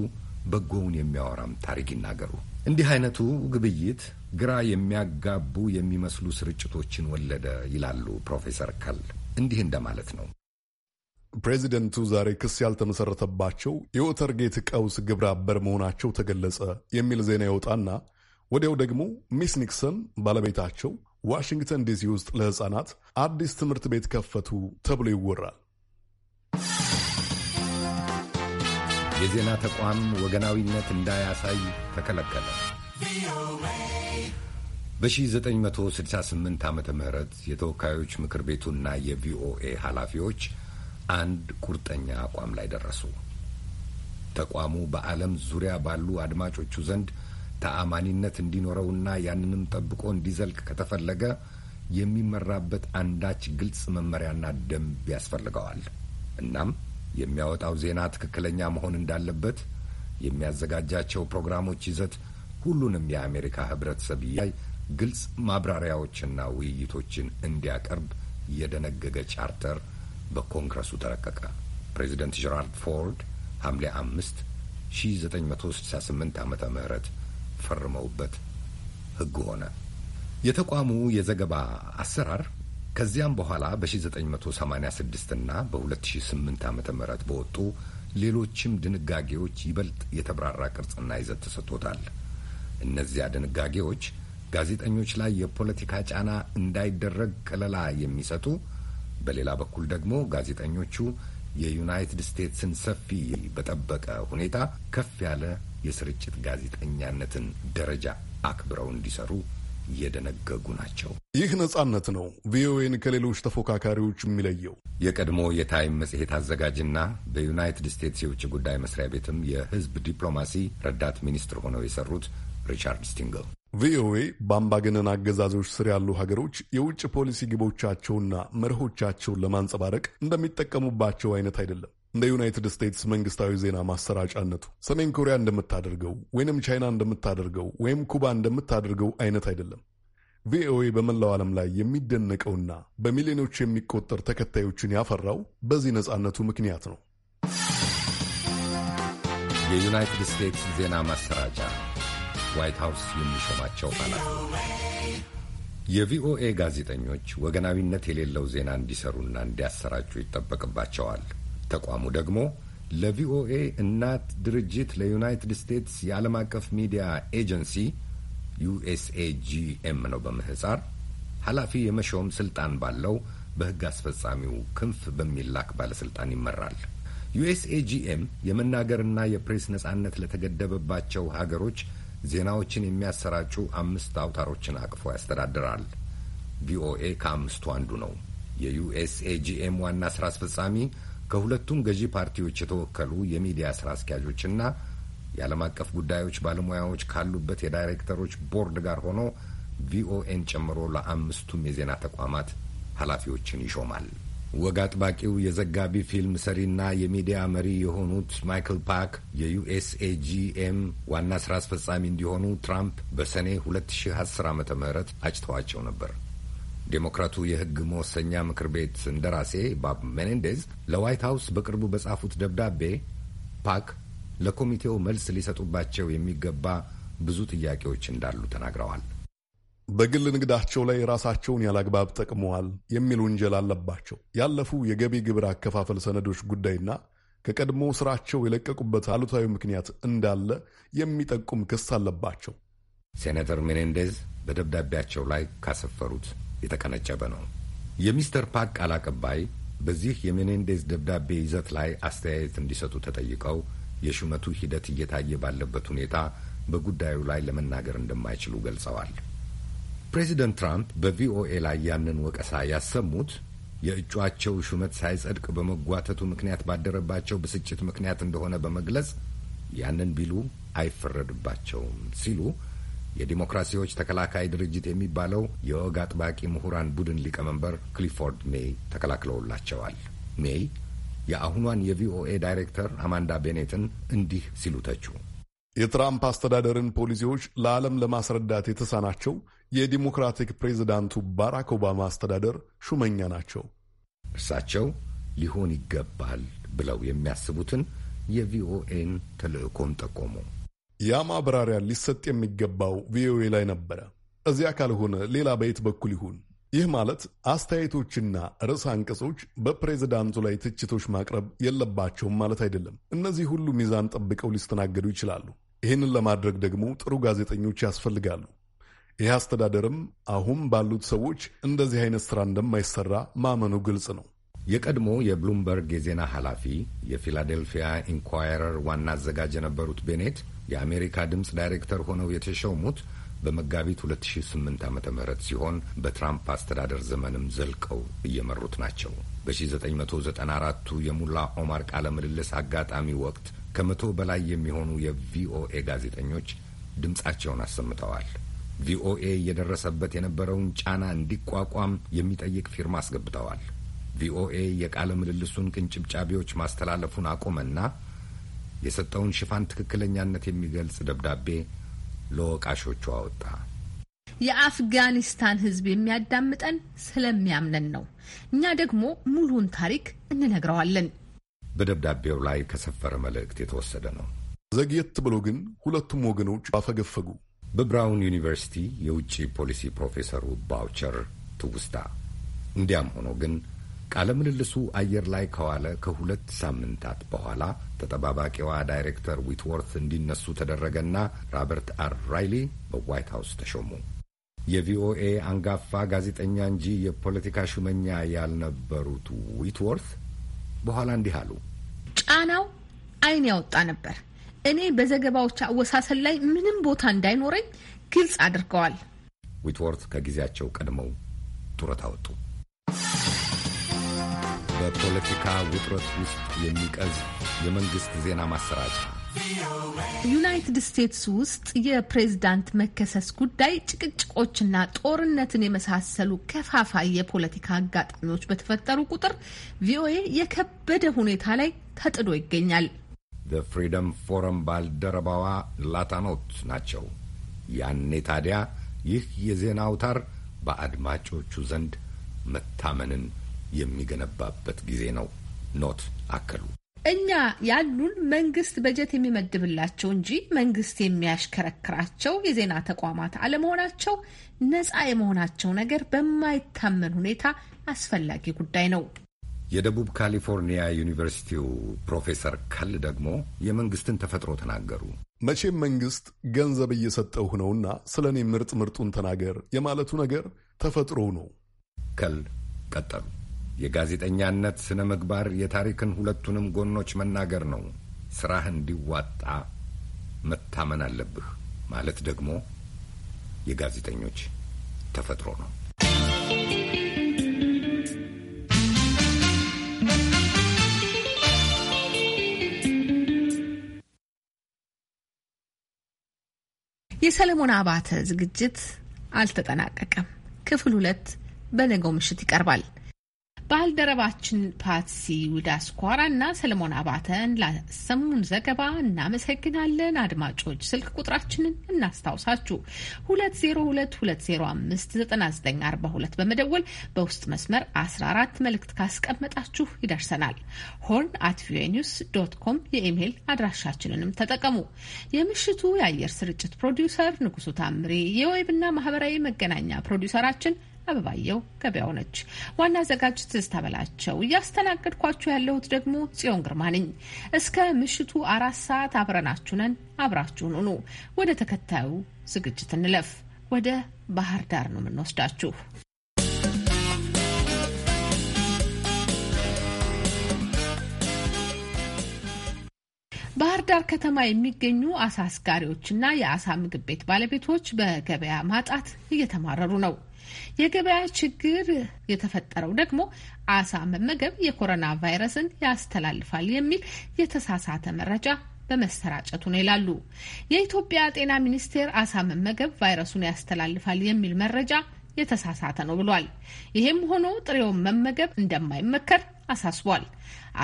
በጎውን የሚያወራም ታሪክ ይናገሩ። እንዲህ አይነቱ ግብይት ግራ የሚያጋቡ የሚመስሉ ስርጭቶችን ወለደ ይላሉ ፕሮፌሰር ከል። እንዲህ እንደማለት ነው። ፕሬዚደንቱ ዛሬ ክስ ያልተመሰረተባቸው የወተርጌት ቀውስ ግብረ አበር መሆናቸው ተገለጸ የሚል ዜና ይወጣና ወዲያው ደግሞ ሚስ ኒክሰን ባለቤታቸው ዋሽንግተን ዲሲ ውስጥ ለሕፃናት አዲስ ትምህርት ቤት ከፈቱ ተብሎ ይወራል። የዜና ተቋም ወገናዊነት እንዳያሳይ ተከለከለ። በ1968 ዓ ም የተወካዮች ምክር ቤቱና የቪኦኤ ኃላፊዎች አንድ ቁርጠኛ አቋም ላይ ደረሱ። ተቋሙ በዓለም ዙሪያ ባሉ አድማጮቹ ዘንድ ተአማኒነት እንዲኖረውና ያንንም ጠብቆ እንዲዘልቅ ከተፈለገ የሚመራበት አንዳች ግልጽ መመሪያና ደንብ ያስፈልገዋል። እናም የሚያወጣው ዜና ትክክለኛ መሆን እንዳለበት፣ የሚያዘጋጃቸው ፕሮግራሞች ይዘት ሁሉንም የአሜሪካ ሕብረተሰብ ላይ ግልጽ ማብራሪያዎችና ውይይቶችን እንዲያቀርብ የደነገገ ቻርተር በኮንግረሱ ተረቀቀ። ፕሬዚደንት ጀራርድ ፎርድ ሐምሌ አምስት 1968 ዓ ም ፈርመውበት ሕግ ሆነ። የተቋሙ የዘገባ አሰራር ከዚያም በኋላ በ1986 እና በ2008 ዓ ም በወጡ ሌሎችም ድንጋጌዎች ይበልጥ የተብራራ ቅርጽና ይዘት ተሰጥቶታል። እነዚያ ድንጋጌዎች ጋዜጠኞች ላይ የፖለቲካ ጫና እንዳይደረግ ከለላ የሚሰጡ በሌላ በኩል ደግሞ ጋዜጠኞቹ የዩናይትድ ስቴትስን ሰፊ በጠበቀ ሁኔታ ከፍ ያለ የስርጭት ጋዜጠኛነትን ደረጃ አክብረው እንዲሰሩ እየደነገጉ ናቸው። ይህ ነጻነት ነው ቪኦኤን ከሌሎች ተፎካካሪዎች የሚለየው። የቀድሞ የታይም መጽሔት አዘጋጅና በዩናይትድ ስቴትስ የውጭ ጉዳይ መስሪያ ቤትም የሕዝብ ዲፕሎማሲ ረዳት ሚኒስትር ሆነው የሰሩት ሪቻርድ ስቲንግል ቪኦኤ በአምባገነን አገዛዞች ስር ያሉ ሀገሮች የውጭ ፖሊሲ ግቦቻቸውና መርሆቻቸውን ለማንጸባረቅ እንደሚጠቀሙባቸው አይነት አይደለም። እንደ ዩናይትድ ስቴትስ መንግስታዊ ዜና ማሰራጫነቱ ሰሜን ኮሪያ እንደምታደርገው ወይንም ቻይና እንደምታደርገው ወይም ኩባ እንደምታደርገው አይነት አይደለም። ቪኦኤ በመላው ዓለም ላይ የሚደነቀውና በሚሊዮኖች የሚቆጠር ተከታዮችን ያፈራው በዚህ ነጻነቱ ምክንያት ነው። የዩናይትድ ስቴትስ ዜና ማሰራጫ ዋይት ሀውስ የሚሾማቸው አላት። የቪኦኤ ጋዜጠኞች ወገናዊነት የሌለው ዜና እንዲሰሩና እንዲያሰራጩ ይጠበቅባቸዋል። ተቋሙ ደግሞ ለቪኦኤ እናት ድርጅት ለዩናይትድ ስቴትስ የዓለም አቀፍ ሚዲያ ኤጀንሲ ዩኤስኤጂኤም ነው በምህጻር ኃላፊ የመሾም ስልጣን ባለው በሕግ አስፈጻሚው ክንፍ በሚላክ ባለስልጣን ይመራል። ዩኤስኤጂኤም የመናገርና የፕሬስ ነጻነት ለተገደበባቸው ሀገሮች ዜናዎችን የሚያሰራጩ አምስት አውታሮችን አቅፎ ያስተዳድራል። ቪኦኤ ከአምስቱ አንዱ ነው። የዩኤስኤጂኤም ዋና ስራ አስፈጻሚ ከሁለቱም ገዢ ፓርቲዎች የተወከሉ የሚዲያ ስራ አስኪያጆችና የዓለም አቀፍ ጉዳዮች ባለሙያዎች ካሉበት የዳይሬክተሮች ቦርድ ጋር ሆኖ ቪኦኤን ጨምሮ ለአምስቱም የዜና ተቋማት ኃላፊዎችን ይሾማል። ወግ አጥባቂው የዘጋቢ ፊልም ሰሪና የሚዲያ መሪ የሆኑት ማይክል ፓክ የዩኤስኤጂኤም ዋና ስራ አስፈጻሚ እንዲሆኑ ትራምፕ በሰኔ 2010 ዓ ም አጭተዋቸው ነበር። ዴሞክራቱ የሕግ መወሰኛ ምክር ቤት እንደራሴ ባብ ሜኔንዴዝ ለዋይት ሀውስ በቅርቡ በጻፉት ደብዳቤ ፓክ ለኮሚቴው መልስ ሊሰጡባቸው የሚገባ ብዙ ጥያቄዎች እንዳሉ ተናግረዋል። በግል ንግዳቸው ላይ ራሳቸውን ያላግባብ ጠቅመዋል የሚል ውንጀል አለባቸው። ያለፉ የገቢ ግብር አከፋፈል ሰነዶች ጉዳይና ከቀድሞ ስራቸው የለቀቁበት አሉታዊ ምክንያት እንዳለ የሚጠቁም ክስ አለባቸው። ሴኔተር ሜኔንዴዝ በደብዳቤያቸው ላይ ካሰፈሩት የተቀነጨበ ነው። የሚስተር ፓክ ቃል አቀባይ በዚህ የሜኔንዴዝ ደብዳቤ ይዘት ላይ አስተያየት እንዲሰጡ ተጠይቀው የሹመቱ ሂደት እየታየ ባለበት ሁኔታ በጉዳዩ ላይ ለመናገር እንደማይችሉ ገልጸዋል። ፕሬዚደንት ትራምፕ በቪኦኤ ላይ ያንን ወቀሳ ያሰሙት የእጩአቸው ሹመት ሳይጸድቅ በመጓተቱ ምክንያት ባደረባቸው ብስጭት ምክንያት እንደሆነ በመግለጽ ያንን ቢሉ አይፈረድባቸውም ሲሉ የዲሞክራሲዎች ተከላካይ ድርጅት የሚባለው የወግ አጥባቂ ምሁራን ቡድን ሊቀመንበር ክሊፎርድ ሜይ ተከላክለውላቸዋል። ሜይ የአሁኗን የቪኦኤ ዳይሬክተር አማንዳ ቤኔትን እንዲህ ሲሉ ተቹ። የትራምፕ አስተዳደርን ፖሊሲዎች ለዓለም ለማስረዳት የተሳናቸው የዲሞክራቲክ ፕሬዚዳንቱ ባራክ ኦባማ አስተዳደር ሹመኛ ናቸው። እርሳቸው ሊሆን ይገባል ብለው የሚያስቡትን የቪኦኤን ተልዕኮም ጠቆሙ። ያ ማብራሪያ ሊሰጥ የሚገባው ቪኦኤ ላይ ነበረ። እዚያ ካልሆነ ሌላ በየት በኩል ይሁን? ይህ ማለት አስተያየቶችና ርዕሰ አንቀጾች በፕሬዝዳንቱ ላይ ትችቶች ማቅረብ የለባቸውም ማለት አይደለም። እነዚህ ሁሉ ሚዛን ጠብቀው ሊስተናገዱ ይችላሉ። ይህንን ለማድረግ ደግሞ ጥሩ ጋዜጠኞች ያስፈልጋሉ። ይህ አስተዳደርም አሁን ባሉት ሰዎች እንደዚህ አይነት ስራ እንደማይሰራ ማመኑ ግልጽ ነው። የቀድሞ የብሉምበርግ የዜና ኃላፊ የፊላዴልፊያ ኢንኳይረር ዋና አዘጋጅ የነበሩት ቤኔት የአሜሪካ ድምፅ ዳይሬክተር ሆነው የተሾሙት በመጋቢት 2008 ዓ ም ሲሆን በትራምፕ አስተዳደር ዘመንም ዘልቀው እየመሩት ናቸው። በ1994ቱ የሙላ ኦማር ቃለ ምልልስ አጋጣሚ ወቅት ከመቶ በላይ የሚሆኑ የቪኦኤ ጋዜጠኞች ድምፃቸውን አሰምተዋል። ቪኦኤ የደረሰበት የነበረውን ጫና እንዲቋቋም የሚጠይቅ ፊርማ አስገብተዋል። ቪኦኤ የቃለ ምልልሱን ቅንጭብጫቢዎች ማስተላለፉን አቆመና የሰጠውን ሽፋን ትክክለኛነት የሚገልጽ ደብዳቤ ለወቃሾቹ አወጣ። የአፍጋኒስታን ሕዝብ የሚያዳምጠን ስለሚያምነን ነው። እኛ ደግሞ ሙሉውን ታሪክ እንነግረዋለን። በደብዳቤው ላይ ከሰፈረ መልእክት የተወሰደ ነው። ዘግየት ብሎ ግን ሁለቱም ወገኖች አፈገፈጉ። በብራውን ዩኒቨርሲቲ የውጭ ፖሊሲ ፕሮፌሰሩ ባውቸር ትውስታ። እንዲያም ሆኖ ግን ቃለ ምልልሱ አየር ላይ ከዋለ ከሁለት ሳምንታት በኋላ ተጠባባቂዋ ዳይሬክተር ዊትወርት እንዲነሱ ተደረገና ራበርት አር ራይሊ በዋይት ሀውስ ተሾሙ። የቪኦኤ አንጋፋ ጋዜጠኛ እንጂ የፖለቲካ ሹመኛ ያልነበሩት ዊትወርት በኋላ እንዲህ አሉ። ጫናው አይን ያወጣ ነበር። እኔ በዘገባዎች አወሳሰል ላይ ምንም ቦታ እንዳይኖረኝ ግልጽ አድርገዋል። ዊትወርት ከጊዜያቸው ቀድመው ጡረታ ወጡ። በፖለቲካ ውጥረት ውስጥ የሚቀዝ የመንግሥት ዜና ማሰራጫ ዩናይትድ ስቴትስ ውስጥ የፕሬዝዳንት መከሰስ ጉዳይ ጭቅጭቆችና ጦርነትን የመሳሰሉ ከፋፋይ የፖለቲካ አጋጣሚዎች በተፈጠሩ ቁጥር ቪኦኤ የከበደ ሁኔታ ላይ ተጥዶ ይገኛል። በፍሪደም ፎረም ባልደረባዋ ላታኖት ናቸው። ያኔ ታዲያ ይህ የዜና አውታር በአድማጮቹ ዘንድ መታመንን የሚገነባበት ጊዜ ነው። ኖት አከሉ። እኛ ያሉን መንግስት በጀት የሚመድብላቸው እንጂ መንግስት የሚያሽከረክራቸው የዜና ተቋማት አለመሆናቸው ነፃ የመሆናቸው ነገር በማይታመን ሁኔታ አስፈላጊ ጉዳይ ነው። የደቡብ ካሊፎርኒያ ዩኒቨርሲቲው ፕሮፌሰር ከል ደግሞ የመንግስትን ተፈጥሮ ተናገሩ። መቼም መንግስት ገንዘብ እየሰጠሁ ነውና ስለ እኔ ምርጥ ምርጡን ተናገር የማለቱ ነገር ተፈጥሮ ነው። ከል ቀጠሉ። የጋዜጠኛነት ስነ ምግባር የታሪክን ሁለቱንም ጎኖች መናገር ነው። ስራህ እንዲዋጣ መታመን አለብህ ማለት ደግሞ የጋዜጠኞች ተፈጥሮ ነው። የሰለሞን አባተ ዝግጅት አልተጠናቀቀም። ክፍል ሁለት በነገው ምሽት ይቀርባል። ባልደረባችን ፓትሲ ዊዳስኳራ እና ሰለሞን አባተን ላሰሙን ዘገባ እናመሰግናለን። አድማጮች ስልክ ቁጥራችንን እናስታውሳችሁ፣ 2022059942 በመደወል በውስጥ መስመር 14 መልእክት ካስቀመጣችሁ ይደርሰናል። ሆርን አት ቪኦኤ ኒውስ ዶት ኮም የኢሜይል አድራሻችንንም ተጠቀሙ። የምሽቱ የአየር ስርጭት ፕሮዲውሰር ንጉሱ ታምሬ፣ የዌብና ማህበራዊ መገናኛ ፕሮዲውሰራችን አበባየው ገበያው ነች። ዋና አዘጋጅ ትዝታ በላቸው፣ እያስተናገድኳችሁ ያለሁት ደግሞ ጽዮን ግርማ ነኝ። እስከ ምሽቱ አራት ሰዓት አብረናችሁ ነን። አብራችሁን ሁኑ። ወደ ተከታዩ ዝግጅት እንለፍ። ወደ ባህር ዳር ነው የምንወስዳችሁ። ባህር ዳር ከተማ የሚገኙ አሳ አስጋሪዎችና የአሳ ምግብ ቤት ባለቤቶች በገበያ ማጣት እየተማረሩ ነው። የገበያ ችግር የተፈጠረው ደግሞ አሳ መመገብ የኮሮና ቫይረስን ያስተላልፋል የሚል የተሳሳተ መረጃ በመሰራጨቱ ነው ይላሉ። የኢትዮጵያ ጤና ሚኒስቴር አሳ መመገብ ቫይረሱን ያስተላልፋል የሚል መረጃ የተሳሳተ ነው ብሏል። ይህም ሆኖ ጥሬውን መመገብ እንደማይመከር አሳስቧል።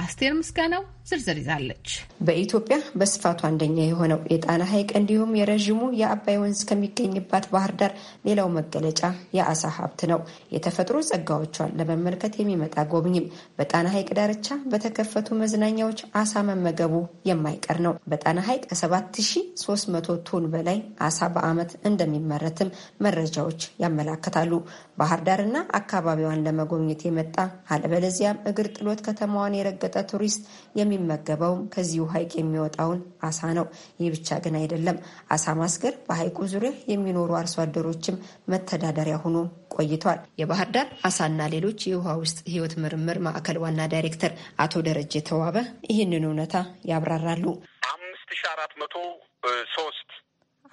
አስቴር ምስጋናው ዝርዝር ይዛለች። በኢትዮጵያ በስፋቱ አንደኛ የሆነው የጣና ሐይቅ እንዲሁም የረዥሙ የአባይ ወንዝ ከሚገኝባት ባህር ዳር ሌላው መገለጫ የአሳ ሀብት ነው። የተፈጥሮ ጸጋዎቿን ለመመልከት የሚመጣ ጎብኝም በጣና ሐይቅ ዳርቻ በተከፈቱ መዝናኛዎች አሳ መመገቡ የማይቀር ነው። በጣና ሐይቅ ከ7300 ቶን በላይ አሳ በዓመት እንደሚመረትም መረጃዎች ያመላክታሉ። ባህር ዳርና አካባቢዋን ለመጎብኘት የመጣ አለበለዚያም እግር ጥሎት ከተማዋን የረገጠ ቱሪስት የሚ የሚመገበውም ከዚሁ ሐይቅ የሚወጣውን አሳ ነው። ይህ ብቻ ግን አይደለም። አሳ ማስገር በሐይቁ ዙሪያ የሚኖሩ አርሶ አደሮችም መተዳደሪያ ሆኖ ቆይቷል። የባህር ዳር አሳና ሌሎች የውሃ ውስጥ ህይወት ምርምር ማዕከል ዋና ዳይሬክተር አቶ ደረጀ ተዋበ ይህንን እውነታ ያብራራሉ። አምስት ሺ አራት መቶ ሶስት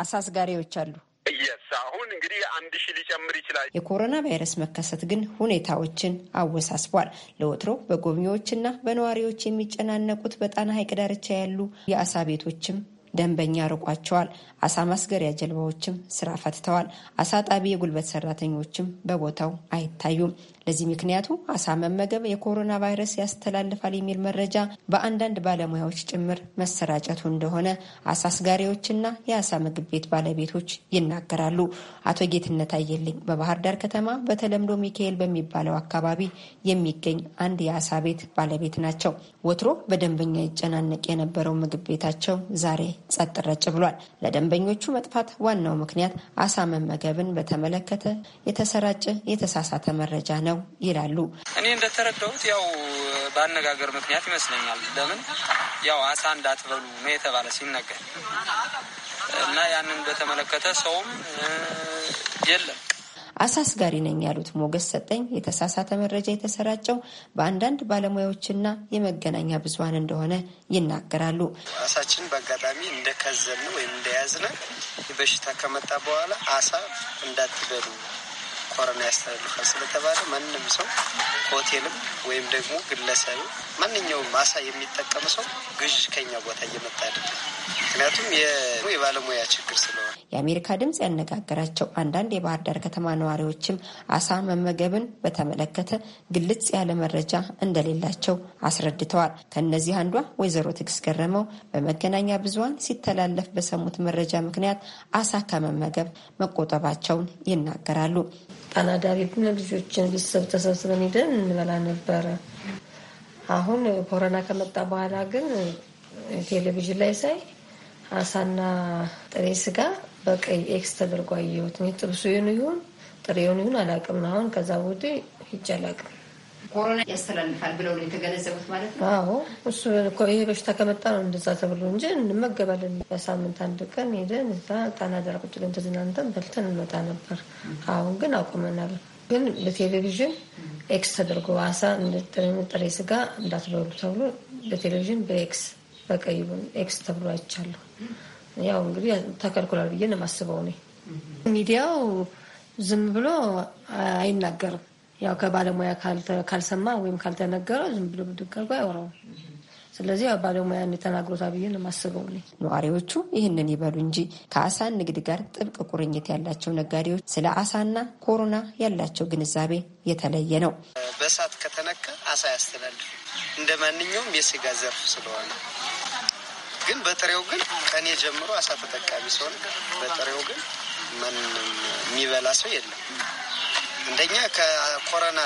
አሳ አስጋሪዎች አሉ እየሳ አሁን እንግዲህ አንድ ሺ ሊጨምር ይችላል። የኮሮና ቫይረስ መከሰት ግን ሁኔታዎችን አወሳስቧል። ለወትሮ በጎብኚዎችና በነዋሪዎች የሚጨናነቁት በጣና ሐይቅ ዳርቻ ያሉ የአሳ ቤቶችም ደንበኛ ርቋቸዋል። አሳ ማስገሪያ ጀልባዎችም ስራ ፈትተዋል። አሳ ጣቢ የጉልበት ሰራተኞችም በቦታው አይታዩም። ለዚህ ምክንያቱ አሳ መመገብ የኮሮና ቫይረስ ያስተላልፋል የሚል መረጃ በአንዳንድ ባለሙያዎች ጭምር መሰራጨቱ እንደሆነ አሳ አስጋሪዎችና የአሳ ምግብ ቤት ባለቤቶች ይናገራሉ። አቶ ጌትነት አየልኝ በባህር ዳር ከተማ በተለምዶ ሚካኤል በሚባለው አካባቢ የሚገኝ አንድ የአሳ ቤት ባለቤት ናቸው። ወትሮ በደንበኛ ይጨናነቅ የነበረው ምግብ ቤታቸው ዛሬ ጸጥ ረጭ ብሏል። ለደንበኞቹ መጥፋት ዋናው ምክንያት አሳ መመገብን በተመለከተ የተሰራጨ የተሳሳተ መረጃ ነው ነው ይላሉ። እኔ እንደተረዳሁት ያው በአነጋገር ምክንያት ይመስለኛል። ለምን ያው አሳ እንዳትበሉ ነው የተባለ ሲነገር እና ያንን በተመለከተ ሰውም የለም አሳስጋሪ ነኝ ያሉት ሞገስ ሰጠኝ የተሳሳተ መረጃ የተሰራጨው በአንዳንድ ባለሙያዎችና የመገናኛ ብዙኃን እንደሆነ ይናገራሉ። አሳችን በአጋጣሚ እንደከዘን ወይም እንደያዝነ በሽታ ከመጣ በኋላ አሳ እንዳትበሉ ኮረና ያስተላልፋል ስለተባለ ማንም ሰው ሆቴልም ወይም ደግሞ ግለሰብ ማንኛውም አሳ የሚጠቀም ሰው ግዥ ከኛ ቦታ እየመጣ አይደለም። ምክንያቱም የባለሙያ ችግር ስለሆነ የአሜሪካ ድምፅ ያነጋገራቸው አንዳንድ የባህር ዳር ከተማ ነዋሪዎችም አሳ መመገብን በተመለከተ ግልጽ ያለ መረጃ እንደሌላቸው አስረድተዋል። ከእነዚህ አንዷ ወይዘሮ ትግስ ገረመው በመገናኛ ብዙኃን ሲተላለፍ በሰሙት መረጃ ምክንያት አሳ ከመመገብ መቆጠባቸውን ይናገራሉ። ጣና ዳሪ ልጆችን ቤተሰብ ተሰብስበን ሄደን እንበላ ነበረ አሁን ኮረና ከመጣ በኋላ ግን ቴሌቪዥን ላይ ሳይ አሳና ጥሬ ስጋ በቀይ ኤክስ ተደርጎ አየሁት። ጥብሱ ይሁን ይሁን ጥሬውን ይሁን አላውቅም። አሁን ከዛ ወዲህ ሂጅ አላውቅም። ኮሮና ያስተላልፋል ብለው ነው የተገነዘቡት ማለት ነው። አዎ እሱ ይሄ በሽታ ከመጣ ነው እንደዛ ተብሎ እንጂ እንመገባለን። በሳምንት አንድ ቀን ሄደን እዛ ጣና ዳር ቁጭ ብለን ተዝናንተን በልተን እንመጣ ነበር። አሁን ግን አቁመናል። ግን በቴሌቪዥን ኤክስ ተደርጎ አሳ ጥሬ ስጋ እንዳትበሉ ተብሎ በቴሌቪዥን በኤክስ በቀይ ኤክስ ተብሎ አይቻለሁ። ያው እንግዲህ ተከልኩላል ብዬ ነው የማስበው እኔ። ሚዲያው ዝም ብሎ አይናገርም። ያው ከባለሙያ ካልሰማ ወይም ካልተነገረው ዝም ብሎ ብድግ አድርጎ አያወራውም። ስለዚህ ባለሙያ ተናግሮታ ብዬ ነው የማስበው። ነዋሪዎቹ ይህንን ይበሉ እንጂ ከአሳ ንግድ ጋር ጥብቅ ቁርኝት ያላቸው ነጋዴዎች ስለ አሳና ኮሮና ያላቸው ግንዛቤ የተለየ ነው። በእሳት ከተነካ አሳ ያስተላልፍ እንደ ማንኛውም የስጋ ዘርፍ ስለሆነ ግን በጥሬው ግን ከኔ ጀምሮ አሳ ተጠቃሚ ሲሆን በጥሬው ግን ምንም የሚበላ ሰው የለም። አንደኛ ከኮሮና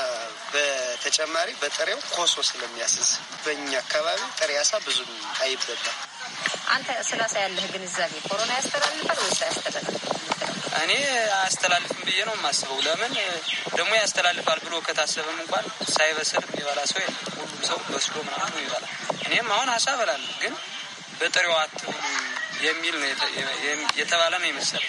በተጨማሪ በጥሬው ኮሶ ስለሚያስዝ በእኛ አካባቢ ጥሬ አሳ ብዙም አይበላም። አንተ ስላሳ ያለህ ግንዛቤ ኮሮና ያስተላልፋል ወይስ አያስተላልፋል? እኔ አያስተላልፍም ብዬ ነው የማስበው። ለምን ደግሞ ያስተላልፋል ብሎ ከታሰበም እንኳን ሳይበስር የሚበላ ሰው የለም። ሁሉም ሰው በስሎ ምናምን ይበላል። እኔም አሁን አሳ እበላለሁ፣ ግን በጥሬው አት የሚል የተባለ ነው ይመስላል።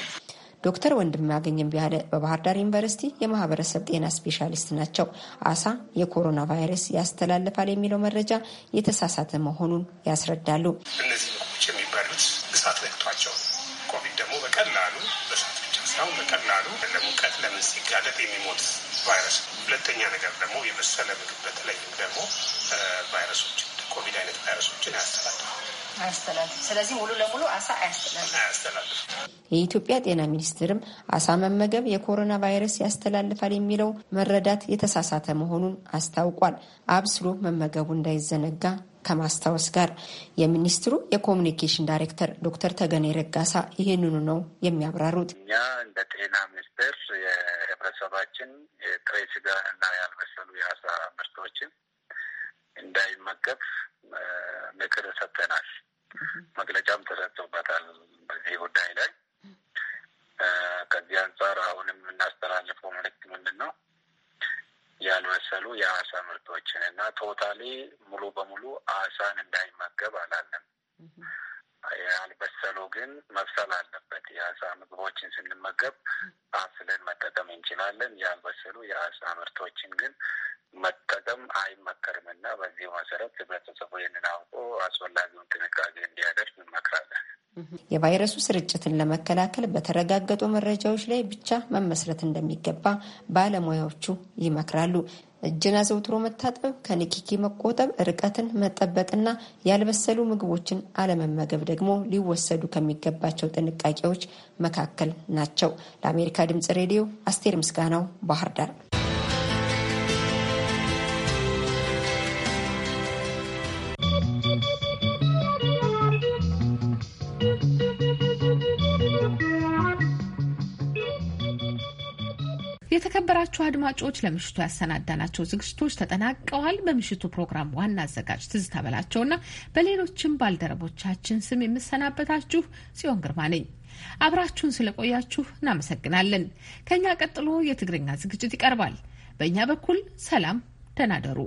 ዶክተር ወንድም ያገኘም ቢያለ በባህር ዳር ዩኒቨርሲቲ የማህበረሰብ ጤና ስፔሻሊስት ናቸው። አሳ የኮሮና ቫይረስ ያስተላልፋል የሚለው መረጃ የተሳሳተ መሆኑን ያስረዳሉ። እነዚህ ምግቦች የሚበሉት እሳት ነክቷቸው፣ ኮቪድ ደግሞ በቀላሉ በእሳት ብቻ ሳይሆን በቀላሉ ለሙቀት ለምን ሲጋለጥ የሚሞት ቫይረስ። ነው። ሁለተኛ ነገር ደግሞ የበሰለ ምግብ በተለይም ደግሞ ቫይረሶች ኮቪድ አይነት ቫይረሶችን አያስተላልፍም አያስተላልፍ። ስለዚህ ሙሉ ለሙሉ አሳ አያስተላልፍ። የኢትዮጵያ ጤና ሚኒስትርም አሳ መመገብ የኮሮና ቫይረስ ያስተላልፋል የሚለው መረዳት የተሳሳተ መሆኑን አስታውቋል። አብስሎ መመገቡ እንዳይዘነጋ ከማስታወስ ጋር የሚኒስትሩ የኮሚኒኬሽን ዳይሬክተር ዶክተር ተገኔ ረጋሳ ይህንኑ ነው የሚያብራሩት። እኛ እንደ ጤና ሚኒስቴር የህብረተሰባችን የጥሬ ስጋ እና ያልበሰሉ የአሳ ምርቶችን እንዳይመገብ ምክር ሰጥተናል። መግለጫም ተሰጥቶበታል በዚህ ጉዳይ ላይ። ከዚህ አንጻር አሁንም የምናስተላልፈው መልዕክት ምንድን ነው? ያልበሰሉ የአሳ ምርቶችን እና ቶታሊ ሙሉ በሙሉ አሳን እንዳይመገብ አላለም። ያልበሰሉ ግን መብሰል አለበት። የአሳ ምግቦችን ስንመገብ አፍለን መጠቀም እንችላለን። ያልበሰሉ የአሳ ምርቶችን ግን መጠቀም አይመከርም እና በዚህ መሰረት ህብረተሰቡ ይህንን አውቆ አስፈላጊውን ጥንቃቄ እንዲያደርግ እንመክራለን። የቫይረሱ ስርጭትን ለመከላከል በተረጋገጡ መረጃዎች ላይ ብቻ መመስረት እንደሚገባ ባለሙያዎቹ ይመክራሉ። እጅን አዘውትሮ መታጠብ፣ ከንኪኪ መቆጠብ፣ ርቀትን መጠበቅና ያልበሰሉ ምግቦችን አለመመገብ ደግሞ ሊወሰዱ ከሚገባቸው ጥንቃቄዎች መካከል ናቸው። ለአሜሪካ ድምጽ ሬዲዮ አስቴር ምስጋናው ባህር ዳር የተከበራችሁ አድማጮች ለምሽቱ ያሰናዳናቸው ዝግጅቶች ተጠናቀዋል። በምሽቱ ፕሮግራም ዋና አዘጋጅ ትዝታ በላቸውና በሌሎችም ባልደረቦቻችን ስም የምሰናበታችሁ ጽዮን ግርማ ነኝ። አብራችሁን ስለቆያችሁ እናመሰግናለን። ከእኛ ቀጥሎ የትግርኛ ዝግጅት ይቀርባል። በእኛ በኩል ሰላም፣ ደህና ደሩ።